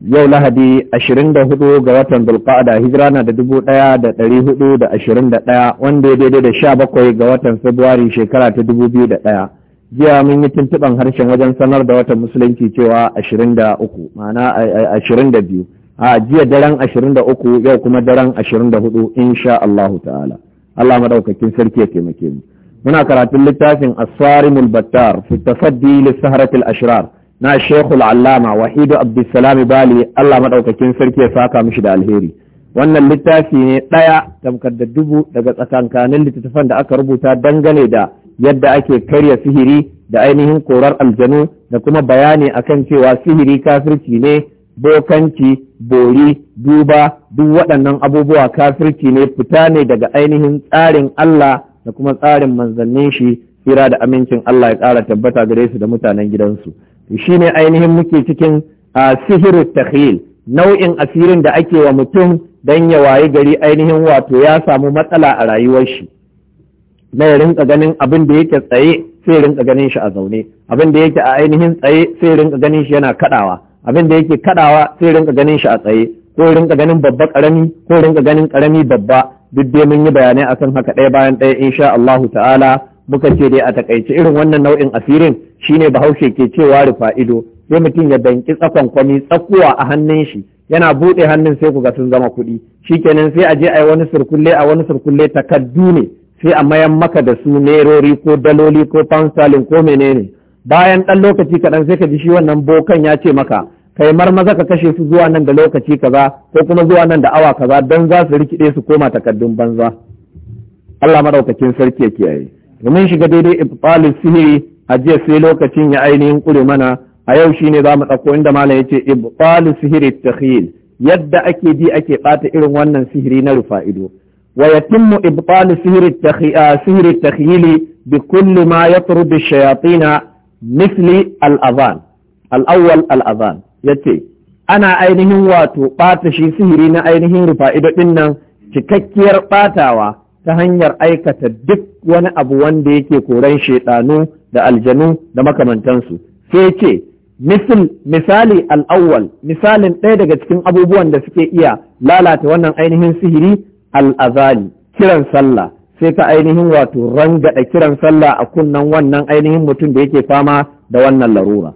yau lahadi 24 ga watan dulqa'ada hijira na da 1421 wanda ya daidai da sha bakwai ga watan februari shekara ta 2001 jiya mun yi tuntuɓan harshen wajen sanar da watan musulunci cewa 23 ma'ana 22 a jiya daren 23 yau kuma daren 24 insha Allahu ta'ala Allah maɗaukakin sarki ya taimake mu muna karatun littafin as-sarimul battar fi tafaddi lis ashirar. ashrar na shekul allama wahidu abdulsalam bali allah Madaukakin, sarki ya saka mishi da alheri wannan littafi ne ɗaya tamkar da dubu daga tsakankanin littattafan da aka rubuta dangane da yadda ake karya sihiri da ainihin korar aljanu da kuma bayani akan cewa sihiri kafirci ne bokanci bori duba duk waɗannan abubuwa kafirci ne fita ne daga ainihin tsarin allah da kuma tsarin manzannin shi tsira da amincin allah ya ƙara tabbata gare su da mutanen gidansu shine ainihin muke cikin sihirin takhil nau'in asirin da ake wa mutum don ya wayi gari ainihin wato ya samu matsala a rayuwar shi na ya rinka ganin abin da yake tsaye sai rinka ganin shi a zaune abin da yake a ainihin tsaye sai rinka ganin shi yana kadawa abin da yake kadawa sai rinka ganin shi a tsaye ko rinka ganin babba karami ko rinka ganin karami babba duk dai mun yi bayanai akan haka ɗaya bayan ɗaya insha Allahu ta'ala muka ce dai a takaice irin wannan nau'in asirin shine bahaushe ke cewa rufa ido sai mutum ya danki tsakon kwami tsakuwa a hannun shi yana buɗe hannun sai ku ga sun zama kuɗi shikenan sai a je a yi wani surkulle a wani surkulle takardu ne sai a mayan maka da su nerori ko daloli ko fansalin ko menene bayan ɗan lokaci kaɗan sai ka ji shi wannan bokan ya ce maka kai marmaza ka kashe su zuwa nan da lokaci kaza ko kuma zuwa nan da awa kaza don za su rikide su koma takardun banza Allah maɗaukakin sarki ya kiyaye domin shiga daidai ibtalus sihiri a jiya sai lokacin ya ainihin ƙure mana a yau shine za mu ɗauko inda malam ya ce ibtalu sihiri takhil yadda ake bi ake ɓata irin wannan sihiri na rufa ido wa yatimmu ibtalu sihiri takhil bi kulli ma yatrudu shayatina misli al-adhan al-awwal al-adhan yace ana ainihin wato ɓata shi sihiri na ainihin rufa ido nan cikakkiyar ɓatawa ta hanyar aikata duk wani abu wanda yake koran shaiɗanu da aljanu da makamantansu sai ce misal misali al'awwal misalin ɗaya daga cikin abubuwan da suke iya lalata wannan ainihin sihiri al'azali kiran sallah sai ka ainihin wato rangada kiran sallah a kunnan wannan ainihin mutum da yake fama da wannan larura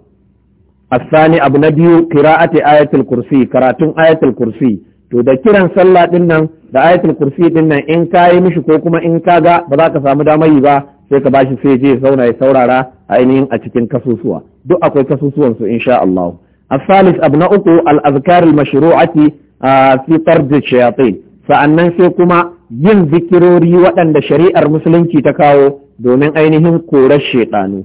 asani abu na biyu qira'ati ayatul kursi karatun ayatul kursi to da kiran sallah din nan da ayatul kursi din nan in kayi mishi ko kuma in kaga ba za ka samu damar ba sai ka bashi sai je zauna ya saurara ainihin a cikin kasusuwa duk akwai kasusuwan su insha Allah الثالث abu na uku الأذكار المشروعة في طرد الشياطين sa'annan sai kuma yin zikirori waɗanda shari'ar musulunci ta kawo domin ainihin korar shaiɗanu.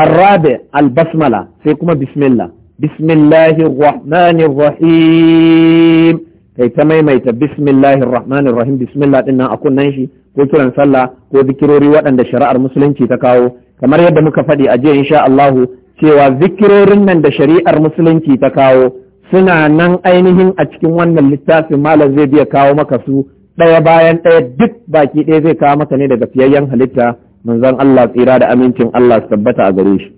Arrabe albasmala sai kuma bismillah. Bismillahir Rahmanir Rahim kai ta maimaita bismillahir rahmanir rahim bismillah din nan a kunnen shi ko kiran sallah ko zikirori waɗanda shari'ar musulunci ta kawo kamar yadda muka faɗi a jiya insha Allahu cewa zikirorin nan da shari'ar musulunci ta kawo suna nan ainihin a cikin wannan littafin malam zai biya kawo maka su ɗaya bayan ɗaya duk baki ɗaya zai kawo maka ne daga fiyayyen halitta manzon Allah tsira da amincin Allah su tabbata a gare shi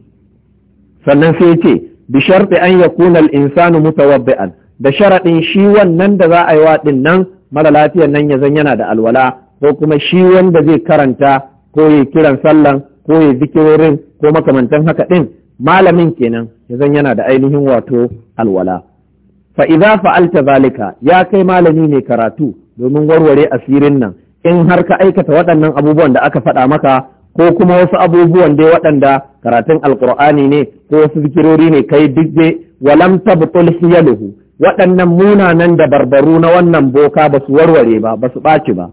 sannan sai ce bi sharti an yakuna al-insanu mutawabbi'an da sharaɗin shi wannan da za a yi waɗin nan mara lafiyar nan ya zan yana da alwala ko kuma shi wanda zai karanta ko ya kiran sallan ko ya zikirorin ko makamantan haka ɗin malamin kenan ya zan yana da ainihin wato alwala fa idza fa'alta zalika ya kai malami mai karatu domin warware asirin nan in har ka aikata waɗannan abubuwan da aka faɗa maka ko kuma wasu abubuwan dai waɗanda karatun alkur'ani ne ko wasu zikirori ne kai duk dai walam tabtul hiyaluhu waɗannan munanan da barbaru na wannan boka ba su warware ba ba su ɓaci ba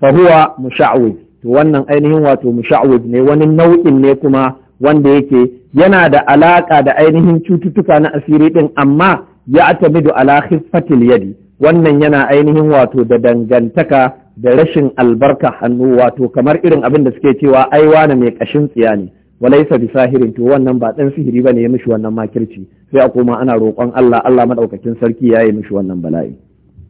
Fahuwa huwa to wannan ainihin wato musha'wid ne wani nau'in ne kuma wanda yake yana da alaƙa da ainihin cututtuka na asiri ɗin amma ya atamidu ala khiffatil yadi wannan yana ainihin wato da dangantaka da rashin albarka hannu wato kamar irin abin da suke cewa ai na mai ƙashin tsiya ne walaisa bi sahirin to wannan ba dan sihiri bane ya mishi wannan makirci sai a koma ana roƙon Allah Allah madaukakin sarki ya yi mishi wannan bala'i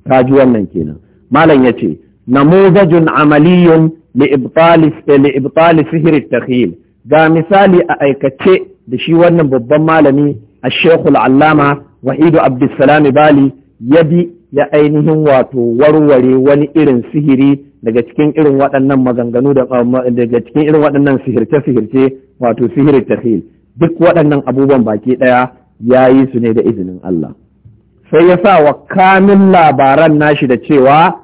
ka ji wannan kenan malam yace namuzajun amaliyun li ibtali li ibtali sihri takhil ga misali a aikace da shi wannan babban malami الشيخ العلامة وحيد عبد السلام بالي يبي ya ainihin wato warware wani irin sihiri daga cikin irin waɗannan maganganu daga cikin irin waɗannan sihirce-sihirce wato sihirin tahil duk waɗannan abubuwan baki ɗaya ya yi su ne da izinin Allah sai ya sa wa kamin labaran nashi da cewa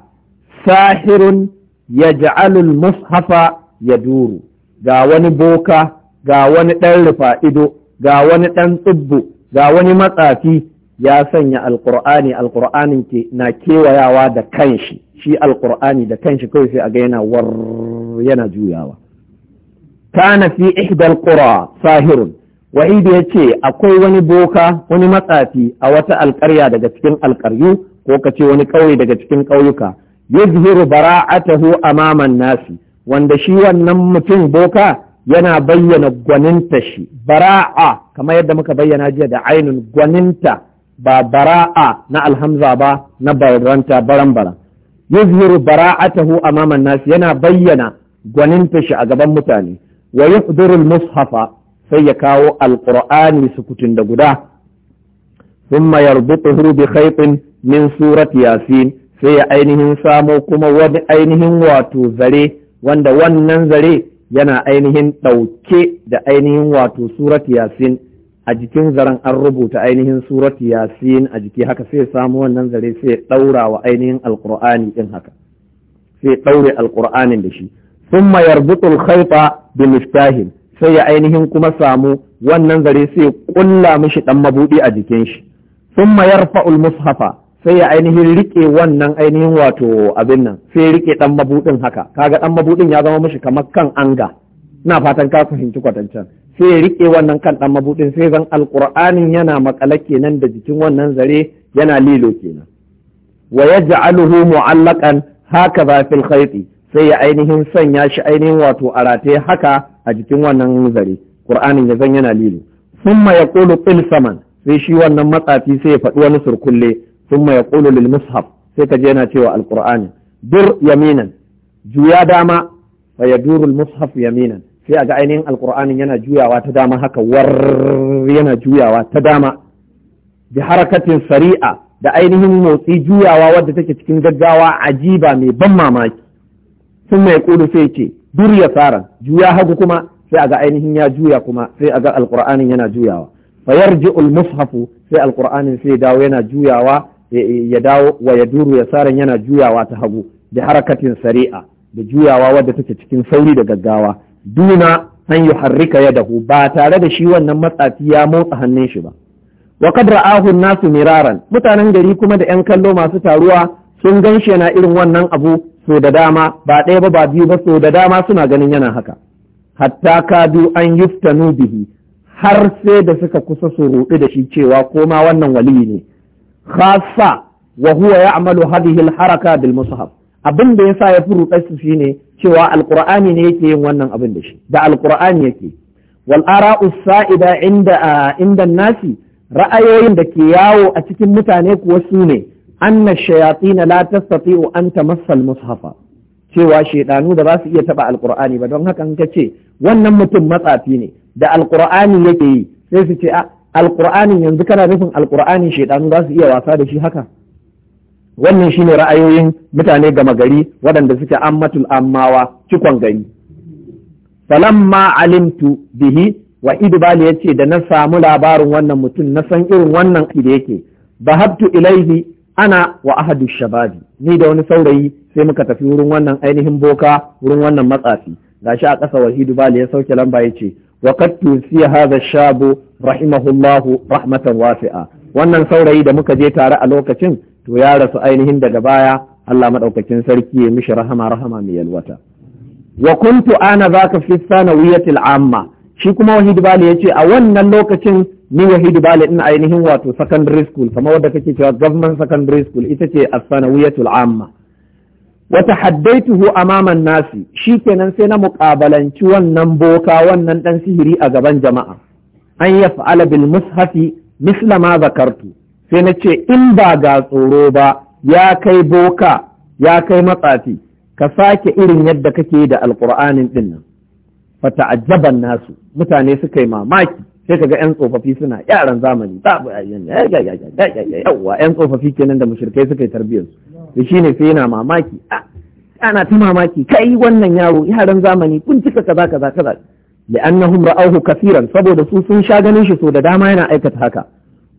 sahirun ya ja'alul mushafa ya duru ga wani boka ga wani ɗan rufa ido ga wani ɗan tsubbu ga wani matsafi ya sanya alƙur'ani alƙur'anin ke na kewayawa da kanshi shi alƙur'ani da kanshi kawai sai a ga yana war yana juyawa kana fi ihdal qura sahirun waidi yace akwai wani boka wani matsafi a wata alƙarya daga cikin alƙaryu ko kace wani ƙauye daga cikin ƙauyuka yuzhiru bara'atahu amaman nasi wanda shi wannan mutum boka yana bayyana gwaninta shi bara'a kamar yadda muka bayyana jiya da ainun gwaninta ba bara'a na alhamza ba na baranta barambara yuzhiru bara'atahu amaman nasi yana bayyana gwaninta shi a gaban mutane wa al mushafa sai ya kawo Al-ƙur'ani al-qur'ani sukutun da guda thumma yarbutuhu bi khaytin min surati yasin sai ya ainihin samo kuma wani ainihin wato zare wanda wannan zare yana ainihin ɗauke da ainihin wato surati yasin a jikin zaren an rubuta ainihin surati yasin a jiki haka sai samu wannan zare sai ɗaura wa ainihin alƙur'ani ɗin haka sai ɗaure alƙur'anin da shi thumma yarbutul khayta bi miftahin sai ya ainihin kuma samu wannan zare sai ya kulla mishi dan mabudi a jikin shi thumma yarfa'ul mushafa sai ya ainihin rike wannan ainihin wato abin nan sai ya rike dan mabudin haka kaga dan mabudin ya zama mishi kamar kan anga ina fatan ka fahimci kwatancan sai ya riƙe wannan kan dan mabudin sai zan alqur'anin yana makale kenan da jikin wannan zare yana lilo kenan wa yaj'aluhu mu'allaqan hakaza fil khayti sai ya ainihin sanya shi ainihin wato a rataye haka a jikin wannan zare qur'anin ya zan yana lilo summa yaqulu qil saman sai shi wannan matsafi sai ya faɗi wani surkulle summa yaqulu lil mushaf sai ka je yana cewa alqur'ani dur yaminan juya dama fa ya durul mushaf yaminan sai a ga ainihin alqur'anin yana juyawa ta dama haka war yana juyawa ta dama da harakatin sari'a da ainihin motsi juyawa wadda take cikin gaggawa ajiba mai ban mamaki sun mai kudu sai ce dur ya fara juya hagu kuma sai a ga ainihin ya juya kuma sai aga alqur'anin yana juyawa fa ji'ul mushafu sai alqur'anin sai dawo yana juyawa ya dawo wa ya duru ya saran yana juyawa ta hagu da harakatin sari'a da juyawa wadda take cikin sauri da gaggawa duna an yi harrika ya dahu ba tare da shi wannan matsafi ya motsa hannun shi ba wa kad ra'ahu nasu miraran mutanen gari kuma da yan kallo masu taruwa sun gan shi yana irin wannan abu so da dama ba ɗaya ba ba biyu ba so da dama suna ganin yana haka hatta kadu an yuftanu bihi har sai da suka kusa su ruɗu da shi cewa koma wannan waliyi ne khassa wa huwa ya'malu hadhihi al-haraka bil mushaf abin da yasa ya furu su shine cewa alqur'ani ne yake yin wannan abin da shi da alqur'ani yake wal ara'u sa'ida inda inda nasi ra'ayoyin da ke yawo a cikin mutane kuwa su ne anna shayatin la tastati'u an tamassa al-mushafa cewa shaidanu da ba su iya taba alqur'ani ba don haka ka ce wannan mutum matsafi ne da alqur'ani yake yi sai su ce a yanzu kana nufin alqur'anin shaidanu za su iya wasa da shi haka wannan shine ra'ayoyin mutane gama gari waɗanda suke ammatul ammawa cikon gari falamma alimtu bihi wa idbal yace da na samu labarin wannan mutum na san irin wannan da yake bahabtu ilaihi ana wa ahadu shababi ni da wani saurayi sai muka tafi wurin wannan ainihin boka wurin wannan matsafi gashi a ƙasa wahidu bali ya sauke lamba ya ce wa qad tusiya hadha shabu rahimahullahu rahmatan wasi'a wannan saurayi da muka je tare a lokacin to ya rasu ainihin daga baya Allah madaukakin sarki ya mishi rahama rahama mai yalwata wa kuntu ana zaka fi sanawiyatil amma shi kuma wahidu bali ya ce a wannan lokacin Ni yahidu bale in ainihin wato secondary school kamar wadda kake cewa government secondary school ita ce as-sanawiyatul amma wa tahaddaituhu amama nasi shikenan sai na muƙabalanci wannan boka wannan dan sihiri a gaban jama'a an yaf'ala bil mushafi misla ma zakartu sai na ce in ba ga tsoro ba ya kai boka ya kai matsafi ka sake irin yadda kake da alqur'anin din nan fa nasu mutane suka yi mamaki sai ga yan tsofaffi suna yaran zamani ba ba yawa yan tsofaffi kenan da mushrikai suka yi tarbiyyar su shine sai yana mamaki ana ta mamaki kai wannan yaro yaran zamani kun cika kaza kaza kaza li'annahum ra'awhu kafiran saboda su sun sha ganin shi so da dama yana aikata haka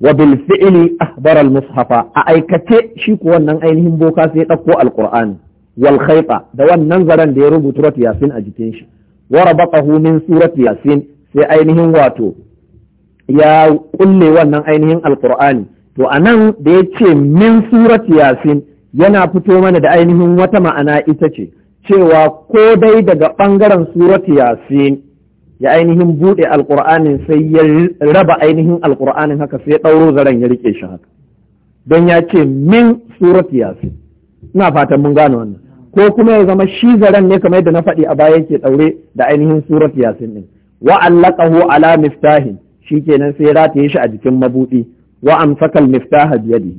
wa bil fi'li ahbara al mushafa a aikace shi ko wannan ainihin boka sai dauko alqur'ani wal khayta da wannan zaran da ya rubuta surat yasin a jikin shi wa rabatahu min surat yasin sai ainihin wato ya kulle wannan ainihin alkur'ani to a nan da ya ce min surat yasin yana fito mana da ainihin wata ma'ana ita ce cewa ko dai daga ɓangaren surat yasin ya ainihin buɗe alkur'anin sai ya raba ainihin alƙur'anin haka sai ya ɗauro zaren ya rike shi haka don ya ce min surat yasin ina fatan mun gane wannan ko kuma ya zama shi zaren ne kamar yadda na faɗi a baya yake ɗaure da ainihin surat yasin ɗin wa'allaqahu ala miftahin shikenan sai rataye shi a jikin mabudi wa miftaha biyadihi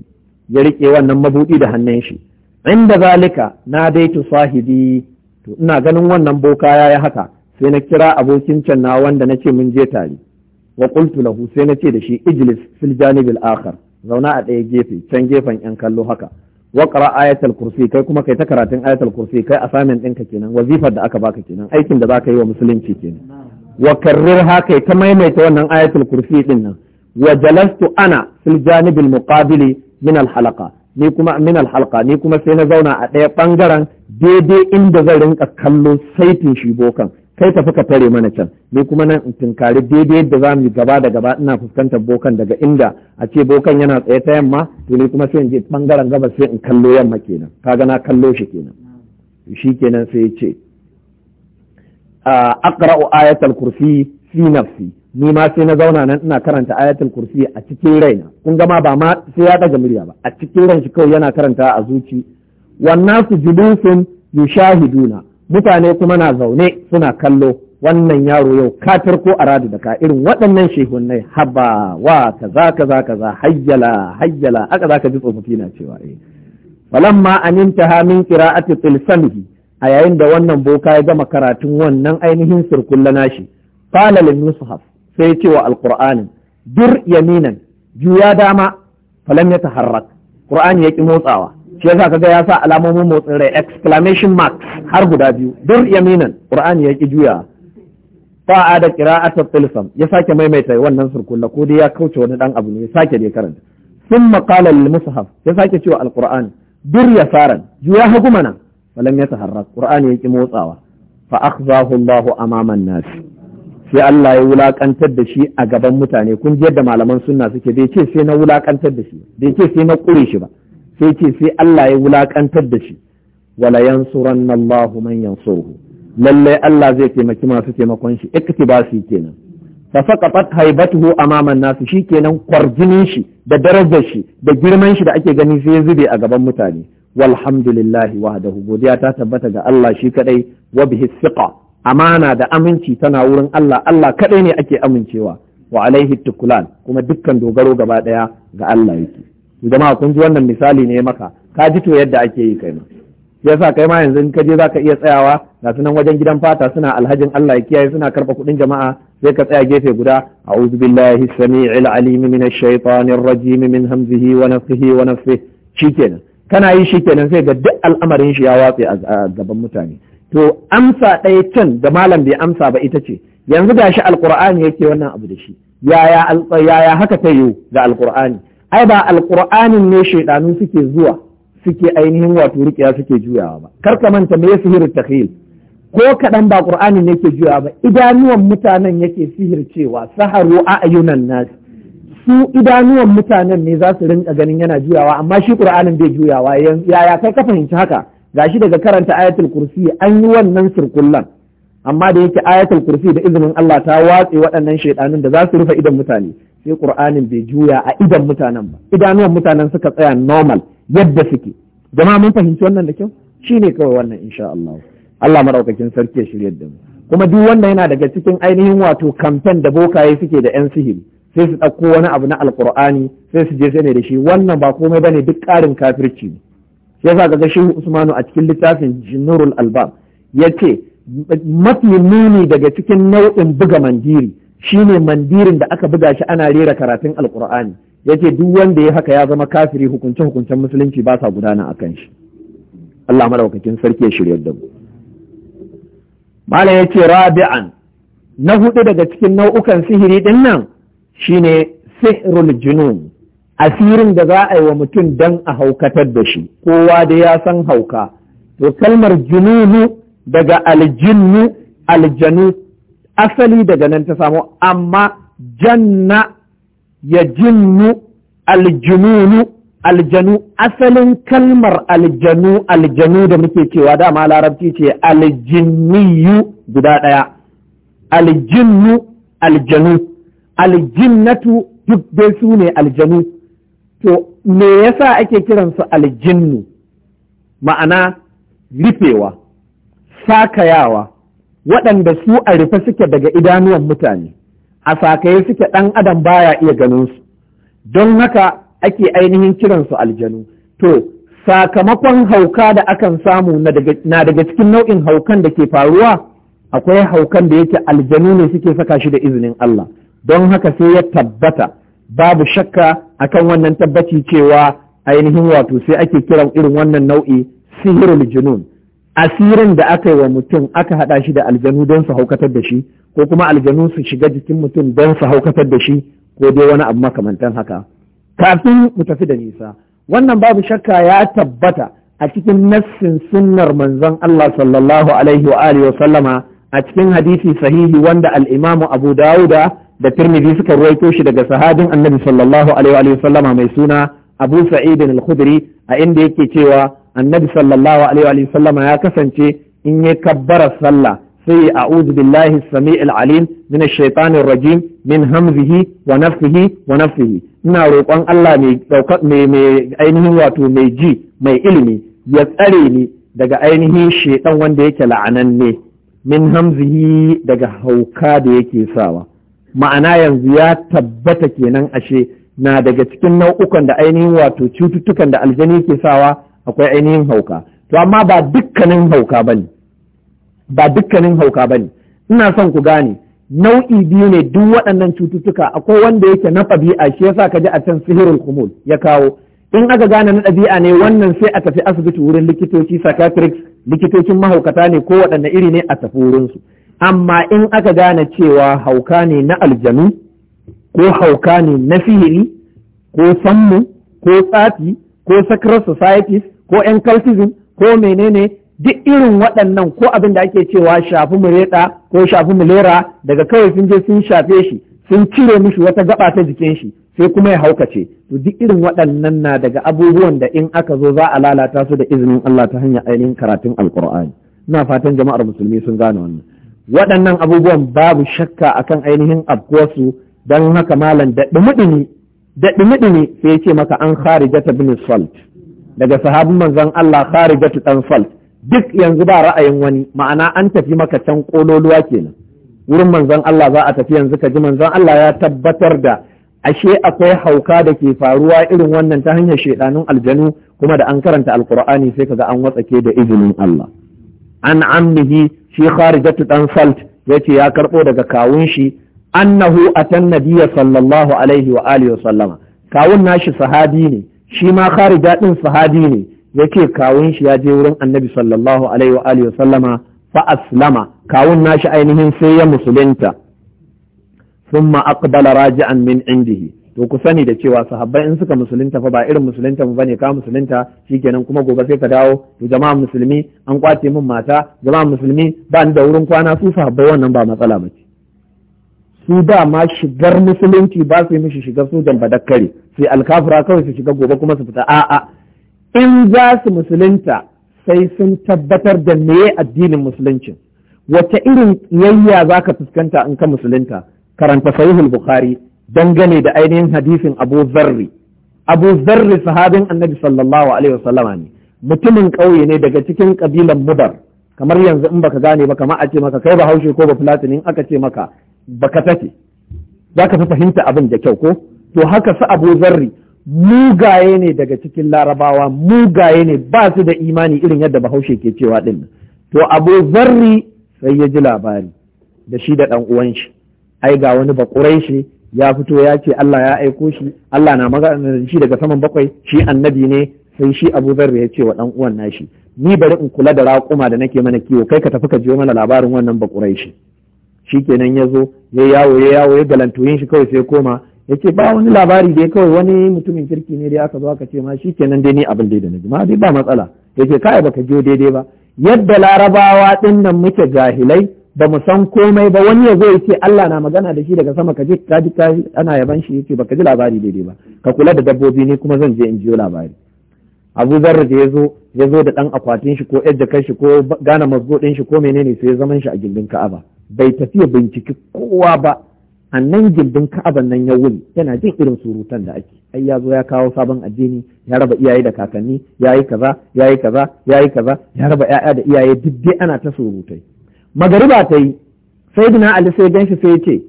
ya rike wannan mabudi da hannun shi inda zalika na daitu sahibi to ina ganin wannan boka yayi haka sai na kira abokin can na wanda nace mun je tare wa qultu lahu sai nace da shi ijlis fil akhar zauna a ɗaya gefe can gefen yan kallo haka wa qra ayatul kursi kai kuma kai ta karatun ayatul kursi kai assignment ɗinka kenan wazifar da aka baka kenan aikin da zaka yi wa musulunci kenan wa karrir haka ta maimaita wannan ayatul kursi din nan wa jalastu ana fil janibil muqabili min al halaqa ni kuma min al ni kuma sai na zauna a ɗaya bangaren daidai inda zan rinka kallo saitin shi bokan kai tafi ka tare mana can ni kuma nan in tunkari daidai yadda za mu gaba da gaba ina fuskantar bokan daga inda a ce bokan yana tsaye ta yamma to ni kuma sai in je bangaren gabas sai in kallo yamma kenan kaga na kallo shi kenan shi kenan sai ya ce aqra'u ayatul kursi fi nafsi ni ma sai na zauna nan ina karanta ayatul kursi a cikin raina kun ga ma ba ma sai ya daga murya ba a cikin ran shi kawai yana karanta a zuci wannasu nasu julusun yushahiduna mutane kuma na zaune suna kallo wannan yaro yau katar ko aradu da ka irin waɗannan shehunnai haba wa kaza kaza kaza hayyala hayyala aka zaka ji tsofaffi na cewa eh falamma ha min qira'ati tilsamihi a yayin da wannan boka ya gama karatun wannan ainihin sirkulla nashi shi. lil mushaf sai ce wa alqur'anin dur yaminan juya dama falam ya taharrak ya yaki motsawa shi yasa kaga ya sa alamomin motsin rai exclamation mark har guda biyu dur yaminan qur'ani yaki juya fa da qira'atul tilsam ya sake maimaita wannan sirkulla ko dai ya kauce wani dan abu ne ya sake dai karanta thumma qala lil mushaf ya sake cewa alqur'an dur yasaran juya hagu mana falam ya Kur'ani qur'ani yake motsawa fa akhzahu Allah amaman nas sai Allah ya wulakantar da shi a gaban mutane kun ji yadda malaman sunna suke bai ce sai na wulakantar da shi bai ce sai na kure shi ba sai ce sai Allah ya wulakantar da shi wala yansuranna Allah man yansuruhu lalle Allah zai taimaki masu taimakon shi iktibasi kenan fa saqatat haibatuhu amaman nas shikenan kwarjinin shi da darajar shi da girman shi da ake gani sai ya zube a gaban mutane walhamdulillahi wahdahu godiya ta tabbata ga Allah shi kadai wa bihi thiqa amana da aminci tana wurin Allah Allah kadai ne ake amincewa wa alaihi tukulan kuma dukkan dogaro gaba daya ga Allah yake jama'a kun ji wannan misali ne maka ka ji to yadda ake yi kai ma yasa kai ma yanzu ka je zaka iya tsayawa ga sunan wajen gidan fata suna alhajin Allah ya kiyaye suna karba kuɗin jama'a sai ka tsaya gefe guda a'udhu billahi samii'il alim minash shaitanir rajim min hamzihi wa nafthihi wa nafthihi shikenan kana yi shi kenan sai ga duk al'amarin shi ya watse a gaban mutane to amsa ɗaya can da malam bai amsa ba ita ce yanzu gashi alqur'ani yake wannan abu da shi yaya haka ta yiwu ga alqur'ani ai ba alqur'anin ne shaidanu suke zuwa suke ainihin wato rikiya suke juyawa ba kar ka manta me sihir takhil ko kaɗan ba ƙur'ani ne ke juyawa ba idanuwan mutanen yake sihircewa saharu a ayunan nasi su idanuwan mutanen ne za su rinka ganin yana juyawa amma shi qur'anin bai juyawa yaya kai ka fahimci haka gashi daga karanta ayatul kursi an yi wannan sirkullan amma da yake ayatul kursi da izinin Allah ta watse waɗannan shaidanun da za su rufe idan mutane sai qur'anin bai juya a idan mutanen ba idanuwan mutanen suka tsaya normal yadda suke jama'a mun fahimci wannan da kyau shine kawai wannan insha Allah Allah maraukakin sarki ya shirye da mu kuma duk wanda yana daga cikin ainihin wato kamfen da bokaye suke da yan sihiri sai su ɗauko wani abu na Alƙur'ani. sai su je sai da shi wannan ba komai bane duk ƙarin kafirci ne sai sa ga shehu usmanu a cikin littafin jinnurul albab ce mafi nuni daga cikin nau'in buga mandiri shine mandirin da aka buga shi ana rera karatun Alƙur'ani. Ya ce duk wanda ya haka ya zama kafiri hukunce hukuncen musulunci ba sa gudana kan shi Allah madaukakin sarki ya shirya da mu malam ce rabi'an na hudu daga cikin nau'ukan sihiri din nan shine sihrul junun asirin da za a yi wa mutum dan a haukatar da shi kowa da ya san hauka to kalmar jununu daga aljinnu aljanu asali daga nan ta samu amma janna ya jinnu aljununu aljanu asalin kalmar aljanu aljanu da muke cewa dama larabci ce aljinniyu guda ɗaya aljinnu aljanu aljinnatu duk dai su ne aljanu to me yasa ake kiransu aljinnu ma'ana rufewa sakayawa waɗanda su a rufe suke daga idanuwan mutane a sakaye suke ɗan adam baya iya ganin su don haka ake ainihin kiransu aljanu to sakamakon hauka da akan samu na daga cikin nau'in haukan da ke faruwa akwai haukan da yake aljanu ne suke saka shi da izinin Allah don haka sai ya tabbata babu shakka akan wannan tabbaci cewa ainihin wato sai ake kiran irin wannan nau'i sihirul junun asirin da aka yi wa mutum aka haɗa shi da aljanu don su haukatar da shi ko kuma aljanu su shiga jikin mutum don su haukatar da shi ko dai wani abu makamantan haka kafin mu tafi da nisa wannan babu shakka ya tabbata a cikin nassin sunnar manzon Allah sallallahu alaihi wa alihi wa sallama a cikin hadisi sahihi wanda al-Imam Abu Dawuda da tirmidhi suka ruwaito shi daga sahabin annabi sallallahu alaihi wa mai suna abu sa'id al-khudri a inda yake cewa annabi sallallahu alaihi wa ya kasance in ya kabbara sallah sai a'udhu billahi as-sami'il alim min ash-shaytanir rajim min hamzihi wa nafthihi wa nafthihi ina roƙon Allah mai mai ainihin wato mai ji mai ilimi ya tsare ni daga ainihin shaitan wanda yake la'ananne min hamzihi daga hauka da yake sawa ma'ana yanzu ya tabbata kenan ashe na daga cikin nau'ukan da ainihin wato cututtukan da aljani ke sawa akwai ainihin hauka to amma ba dukkanin hauka bane ba dukkanin hauka bane ina son ku gane nau'i biyu ne duk waɗannan cututtuka akwai wanda yake na ɗabi'a shi yasa ka ji a can sihirin kumul ya kawo in aka gane na ɗabi'a ne wannan sai a tafi asibiti wurin likitoci psychiatrics likitocin mahaukata ne ko waɗanne iri ne a tafi wurinsu amma in aka gane cewa hauka ne na aljanu ko hauka ne na sihiri, ko sammu ko tsafi ko sacred societies ko yan occultism ko menene duk irin waɗannan ko abin da ake cewa shafi mureta ko shafi mulera daga kawai sun je sun shafe shi sun cire mishi wata gaba ta jikin shi sai kuma ya haukace to duk irin waɗannan na daga abubuwan da in aka zo za a lalata su da izinin Allah ta hanyar ainihin karatun alkur'ani ina fatan jama'ar musulmi sun gane wannan waɗannan abubuwan babu shakka akan ainihin abkuwarsu don haka malam da ɗumi da sai ce maka an kharijata bin salt daga sahabin manzon Allah kharijatu dan salt duk yanzu ba ra'ayin wani ma'ana an tafi maka can kololuwa kenan wurin manzon Allah za a tafi yanzu ka ji manzon Allah ya tabbatar da ashe akwai hauka da ke faruwa irin wannan ta hanyar shaidanun aljanu kuma da an karanta alkur'ani sai kaga an watsake da izinin Allah an ammihi shi kharijatu dan salt yace ya karbo daga kawun shi annahu atan nabiyya sallallahu alaihi wa alihi sallama kawun nashi sahabi ne shi ma kharija din sahabi ne yake kawun shi ya je wurin annabi sallallahu alaihi wa alihi sallama fa aslama kawun nashi ainihin sai ya musulunta Sun aqbala raji'an min indihi to ku sani da cewa sahabbai in suka musulunta fa ba irin musulunta mu ne? ka musulunta shikenan kuma gobe sai ka dawo to jama'a musulmi an kwace min mata jama'a musulmi ba ni da wurin kwana su sahabbai wannan ba matsala ba ce su ma shigar musulunci ba su yi mishi shigar sojan badakkare sai alkafura kawai su shiga gobe kuma su fita a'a in za su musulunta sai sun tabbatar da meye addinin musulunci wace irin yayya zaka fuskanta in ka musulunta karanta sahihul bukhari dangane da ainihin hadisin Abu Zarri Abu Zarri sahabin Annabi sallallahu alaihi wasallama ne mutumin ƙauye ne daga cikin kabilan Mudar kamar yanzu in baka gane ba kamar a ce maka kai ba haushe ko ba in aka ce maka baka take za ka fi fahimta abin da kyau ko to haka su Abu Zarri mugaye ne daga cikin larabawa mugaye ne ba su da imani irin yadda bahaushe ke cewa ɗin. to abu zarri sai ya ji labari da shi da ɗan uwan shi ai ga wani bakurai shi ya fito ya ce Allah ya aiko shi Allah na magana shi daga saman bakwai shi annabi ne sai shi Abu Dharr ya ce wa dan uwan nashi ni bari in kula da raƙuma da nake mana kiwo kai ka tafi ka jiyo mana labarin wannan bakurai shi shikenan ya zo ya yawo ya yawo ya galantoyin shi kawai sai koma ya ce ba wani labari dai kawai wani mutumin kirki ne dai aka zo aka ce ma shikenan dai ni abin dai da na ma dai ba matsala ya ce kai baka jiyo daidai ba yadda larabawa ɗinnan muke jahilai ba mu san komai ba wani ya zo ya ce Allah na magana da shi daga sama ka je ka ji ana yaban shi yace baka ji labari daidai ba ka kula da dabbobi ne kuma zan je in jiyo labari Abu Zarra da yazo ya zo da dan akwatin shi ko yar jakar shi ko gana din shi ko menene sai zaman shi a gindin Ka'aba bai tafi binciki kowa ba a nan gindin Ka'aban nan ya wuni yana jin irin surutan da ake ai ya ya kawo sabon addini ya raba iyaye da kakanni yayi kaza yayi kaza yayi kaza ya raba 'ya'ya da iyaye duk dai ana ta surutai magariba ta yi dina ali sai ganshi sai ce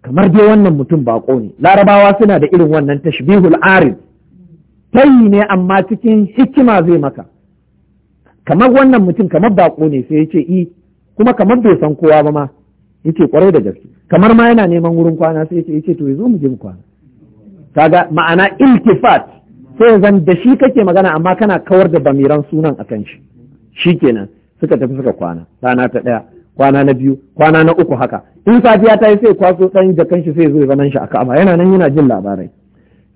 kamar dai wannan mutum bako ne larabawa suna da irin wannan tashbihul arid tayi ne amma cikin hikima zai maka kamar wannan mutum kamar bako ne sai ce i kuma kamar bai san kowa ba ma yake kwarai da gaske kamar ma yana neman wurin kwana sai ya yace to yazo mu je mu kwana kaga ma'ana iltifat sai zan da shi kake magana amma kana kawar da bamiran sunan akan shi shikenan suka tafi suka kwana rana ta daya kwana na biyu kwana na uku haka in safiya ta yi sai kwaso dan jakan shi sai zo zaman shi a ka'aba yana nan yana jin labarai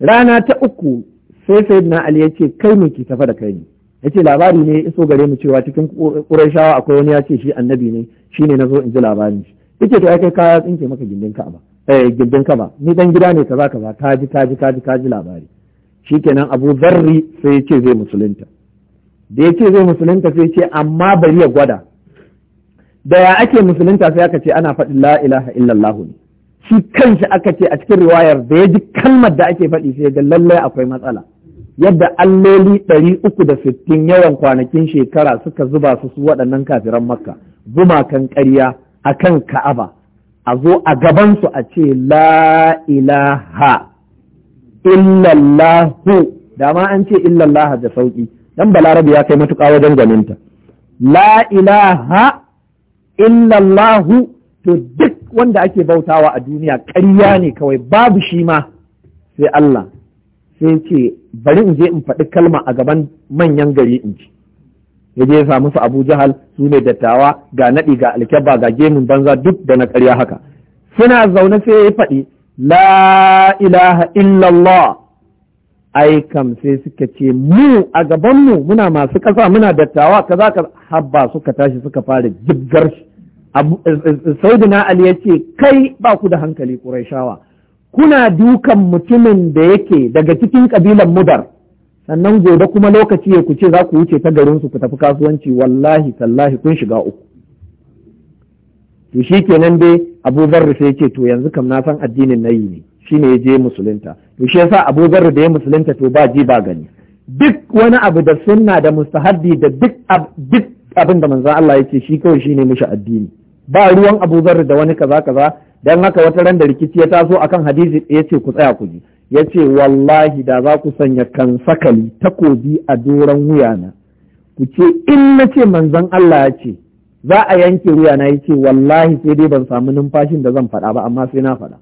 rana ta uku sai sayyidina ali ya ce kai ne ki tafa da kai ne ce labari ne iso gare mu cewa cikin Qurayshawa akwai wani ya ce shi annabi ne shine nazo in ji labarin shi yace to ai kai ka tsinke maka gindin Ka'aba eh gindin Ka'aba ni dan gida ne kaza za ka ji ka ji ka ji ka ji labari shikenan Abu zarri sai ya ce zai musulunta da ya ce zai musulunta sai ya ce amma bari ya gwada da ya ake musulunta sai aka ce ana faɗi la ilaha illallah ne shi kanshi aka ce a cikin riwayar da ya ji kalmar da ake faɗi sai da lallai akwai matsala yadda alloli ɗari uku da sittin yawan kwanakin shekara suka zuba su su waɗannan kafiran makka gumakan ƙarya a kan ka'aba a zo a gabansu a ce la ilaha illallahu dama an ce illallah da sauƙi dan Balarabi ya kai matuƙa wajen ganinta la ilaha illallahu to duk wanda ake bautawa a duniya ƙarya ne kawai babu shi ma sai Allah sai ce bari in je in faɗi kalma a gaban manyan gari in ci ya je samu su Abu Jahal su ne dattawa ga naɗi ga alkyabba ga gemun banza duk da na ƙarya haka suna zaune sai ya faɗi la ilaha illallah ai sai suka ce mu a gabanmu muna masu kasa, muna dattawa kaza ka habba suka tashi suka fara jibgar shi eh, eh, eh, saudina ali ya ce kai ba ku da hankali ƙuraishawa kuna dukan mutumin da yake daga cikin ƙabilan mudar sannan gobe kuma lokaci ya kuce za ku wuce ta garin su ku tafi kasuwanci wallahi tallahi kun shiga uku to shi kenan dai Abubakar sai ce to yanzu kam na san addinin nayi ne shine ya je musulunta to shi yasa Abu da ya musulunta to ba ji ba gani duk wani abu da sunna da mustahabbi da duk duk abin da manzon Allah yake shi kawai shine mushi addini ba ruwan Abu da wani kaza kaza dan haka wata ran da rikici ya taso akan hadisi ya ce ku tsaya ku ji ya ce wallahi da za ku sanya kan sakali takobi a doran wuyana ku ce in na ce manzon Allah ya ce za a yanke wuyana ya ce wallahi sai dai ban samu numfashin da zan faɗa ba amma sai na faɗa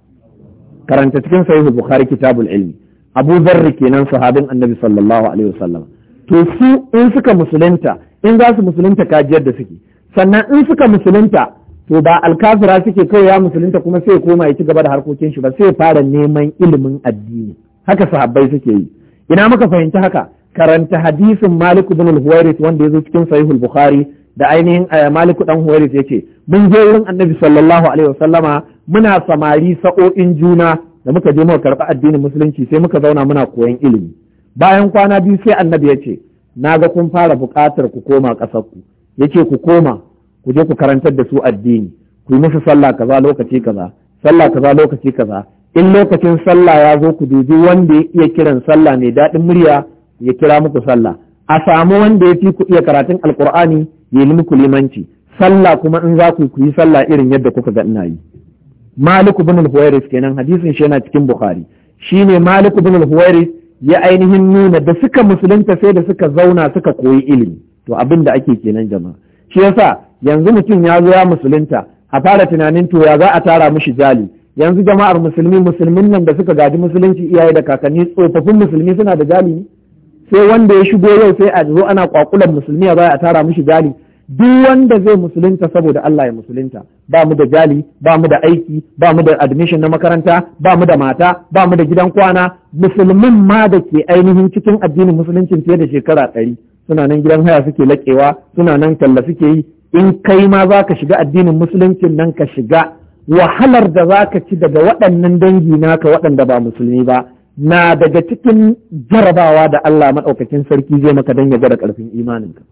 karanta cikin sahih bukhari kitabul ilmi abu zarri kenan sahabin annabi sallallahu alaihi wasallam to su in suka musulunta in za su musulunta kajiyar da suke sannan in suka musulunta to ba alkafira suke kai ya musulunta kuma sai koma ya ci gaba da harkokin shi ba sai fara neman ilimin addini haka sahabbai suke yi ina muka fahimci haka karanta hadisin malik ibn al-huwairis wanda yazo cikin sahihul bukhari da ainihin eh, malik dan ya yace mun je wurin annabi sallallahu alaihi wasallama muna samari sa'o'in juna da muka je muka karɓi addinin musulunci sai muka zauna muna koyan ilimi bayan kwana biyu sai annabi ya ce na ga kun fara buƙatar ku koma ƙasar ku ce ku koma ku je ku karantar da su addini ku yi musu sallah kaza lokaci kaza sallah kaza lokaci kaza in lokacin sallah ya zo ku dubi wanda ya iya kiran sallah mai daɗin murya ya kira muku sallah a samu wanda ya fi ku iya karatun alkur'ani ya yi muku limanci sallah kuma in za ku yi sallah irin yadda kuka ga ina yi Malik ibn al-Huwairis kenan hadisin shi yana cikin Bukhari shine Malik ibn al-Huwairis ya ainihin nuna da suka musulunta sai da suka zauna suka koyi ilimi to abinda ake kenan jama'a shi yasa yanzu mutum ya zo ya musulunta a fara tunanin to ya za a tara mushi jali yanzu jama'ar musulmi musulmin nan da suka gaji musulunci iyaye da kakanni tsofaffin musulmi suna da jali ne sai wanda ya shigo yau sai a zo ana kwakulan musulmi ya za a tara mushi jali duk wanda zai musulunta saboda Allah ya musulunta ba mu da jali ba mu da aiki ba mu da admission na makaranta ba mu da mata ba mu da gidan kwana musulmin ma da ke ainihin cikin addinin musuluncin fiye da shekara ɗari suna nan gidan haya suke laƙewa suna nan talla suke yi in kai ma za ka shiga addinin musuluncin nan ka shiga wahalar da za ka ci daga waɗannan dangi naka waɗanda ba musulmi ba na daga cikin jarabawa da Allah maɗaukacin sarki zai maka don ya gara ƙarfin imaninka.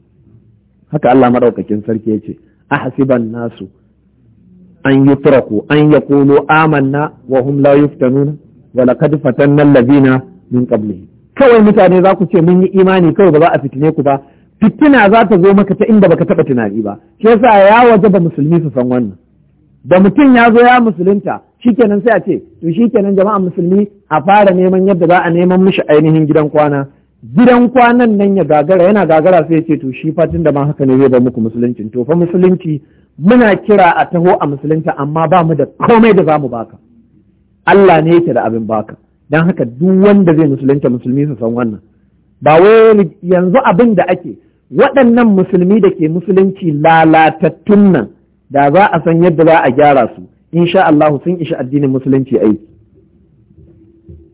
haka Allah madaukakin sarki ya yace ahsiban nasu an yutraku an yaqulu amanna wa hum la yuftanun wa laqad fatanna allazina min qablihi kawai mutane za ku ce mun yi imani kawai ba za a fitine ku ba fitina za ta zo maka ta inda baka taba tunani ba shi yasa ya waje ba musulmi su san wannan da mutum ya zo ya musulunta shikenan sai a ce to shikenan jama'an musulmi a fara neman yadda za a neman mishi ainihin gidan kwana gidan kwanan nan ya gagara yana gagara sai ya ce to shi fatin da ma haka ne zai bar muku musulunci to fa musulunci muna kira a taho a musulunci amma ba mu da komai da zamu baka Allah ne yake da abin baka dan haka duk wanda zai musulunta musulmi su san wannan ba wai yanzu abin da ake waɗannan musulmi da ke musulunci lalatattun nan da za a san yadda za a gyara su insha Allah sun ishi addinin musulunci aiki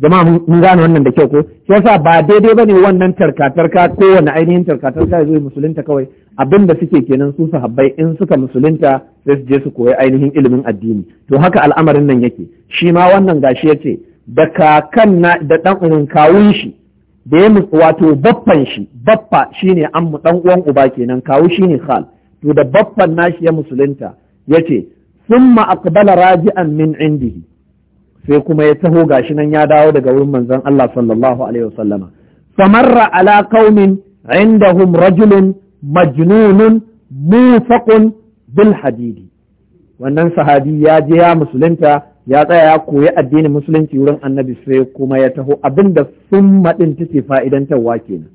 jama'a mun gane wannan da kyau ko shi yasa ba daidai bane wannan tarkatarka ko wani ainihin tarkatarka tarka zai musulunta kawai abin da suke kenan su sahabbai in suka musulunta sai su je su koyi ainihin ilimin addini to haka al'amarin nan yake shi ma wannan gashi yace da kakan na da dan uwan kawun shi da ya wato baffan shi baffa shine an mu dan uwan uba kenan kawu shine khal to da baffan nashi ya musulunta yace summa aqbala raji'an min indihi sai kuma ya taho gashi nan ya dawo daga wurin manzon Allah sallallahu alaihi wasallama famarra ala qaumin indahum rajulun majnunun mufaqun bil hadidi wannan sahabi ya je ya musulunta ya tsaya ya koyi addinin musulunci wurin annabi sai kuma ya taho abinda sun maɗin take fa'idantarwa kenan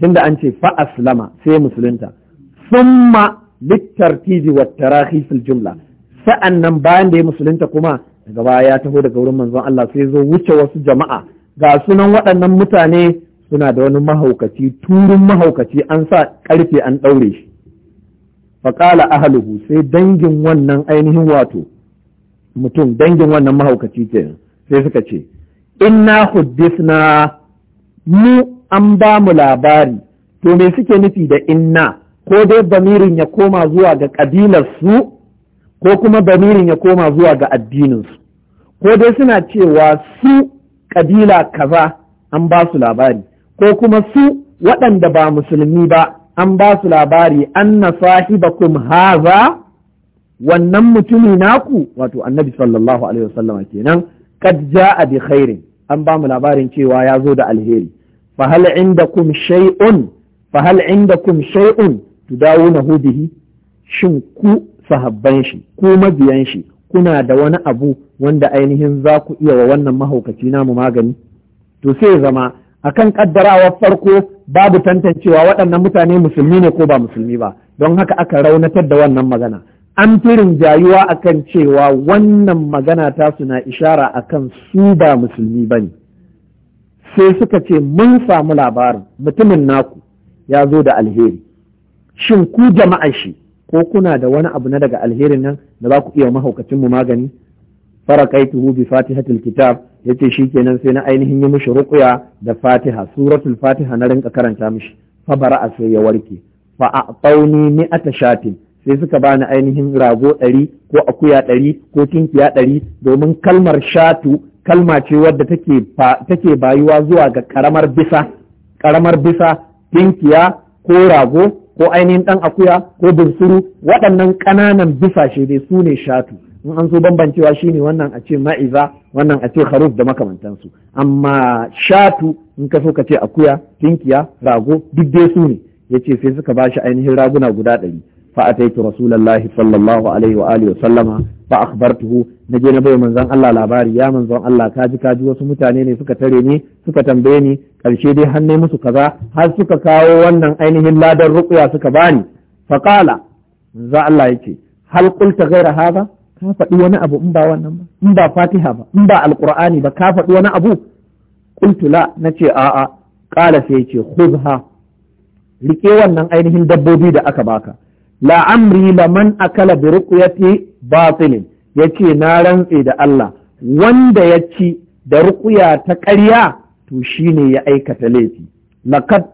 tunda an ce fa aslama sai musulunta summa littartibi wa tarahi fil jumla sa'annan bayan da ya musulunta kuma daga baya ya taho daga wurin manzon Allah sai zo wuce wasu jama'a ga sunan waɗannan mutane suna da wani mahaukaci turun mahaukaci an sa ƙarfe an ɗaure shi faƙala ahaluhu sai dangin wannan ainihin wato mutum dangin wannan mahaukaci kenan sai suka ce inna huddisna mu an ba mu labari to me suke nufi da inna ko dai bamirin ya koma zuwa ga ƙabilar su ko kuma damirin ya koma zuwa ga addininsu ko dai suna cewa su kabila kaza an ba su labari ko kuma su waɗanda ba musulmi ba an ba su labari anna sahibakum haza wannan mutumi naku wato annabi sallallahu alaihi wasallama kenan kad ja'a bi khairin an ba mu labarin cewa ya zo da alheri fa hal indakum shay'un fa hal indakum shay'un tudawunahu bihi shin ku sahabban shi ko mabiyan shi kuna da wani abu wanda ainihin za ku iya wa wannan mahaukaci namu magani to sai zama akan kaddarawa farko babu tantancewa waɗannan mutane musulmi ne ko ba musulmi ba don haka aka raunatar da wannan magana an firin jayuwa akan cewa wannan magana ta suna ishara akan su ba musulmi ba ne sai suka ce mun samu labarin mutumin naku ya zo da alheri shin ku jama'a shi ko kuna da wani abu na daga alherin nan da za ku iya mahaukacin mu magani faraqaituhu bi fatihatil kitab yace kenan sai na ainihin yi mishi ruqya da fatiha suratul fatiha na rinka karanta mishi fa bara'a sai ya warke fa a'tawni mi'ata shatin sai suka bani ainihin rago ɗari ko akuya ɗari ko tinkiya ɗari domin kalmar shatu kalma ce wadda take bayuwa zuwa ga karamar bisa karamar bisa tinkiya ko rago ko ainihin ɗan akuya ko bunsuru waɗannan ƙananan bisashe dai su ne shatu in an so bambancewa shine wannan a ce ma'iza wannan a ce haruf da makamantansu amma shatu in ka so ka ce akuya tinkiya rago duk dai su ne yace sai suka bashi ainihin raguna guda ɗari fa ataitu rasulullahi sallallahu alaihi wa alihi wa sallama fa akhbartuhu na je na bai manzon Allah labari ya manzon Allah ka ji, wasu mutane ne suka tare ni suka tambaye ni karshe dai har ne musu kaza har suka kawo wannan ainihin ladan ruqya suka bani faqala manzon Allah yake hal qulta ghaira hadha ka faɗi wani abu in ba wannan ba in ba fatiha ba in ba alqur'ani ba ka faɗi wani abu qultu la nace a'a qala sai yace khudha rike wannan ainihin dabbobi da aka baka la amri laman akala bi ruqyati batilin ya ce na rantse da Allah wanda ya ci da ruƙuya ta ƙarya to shi ne ya aikata laifi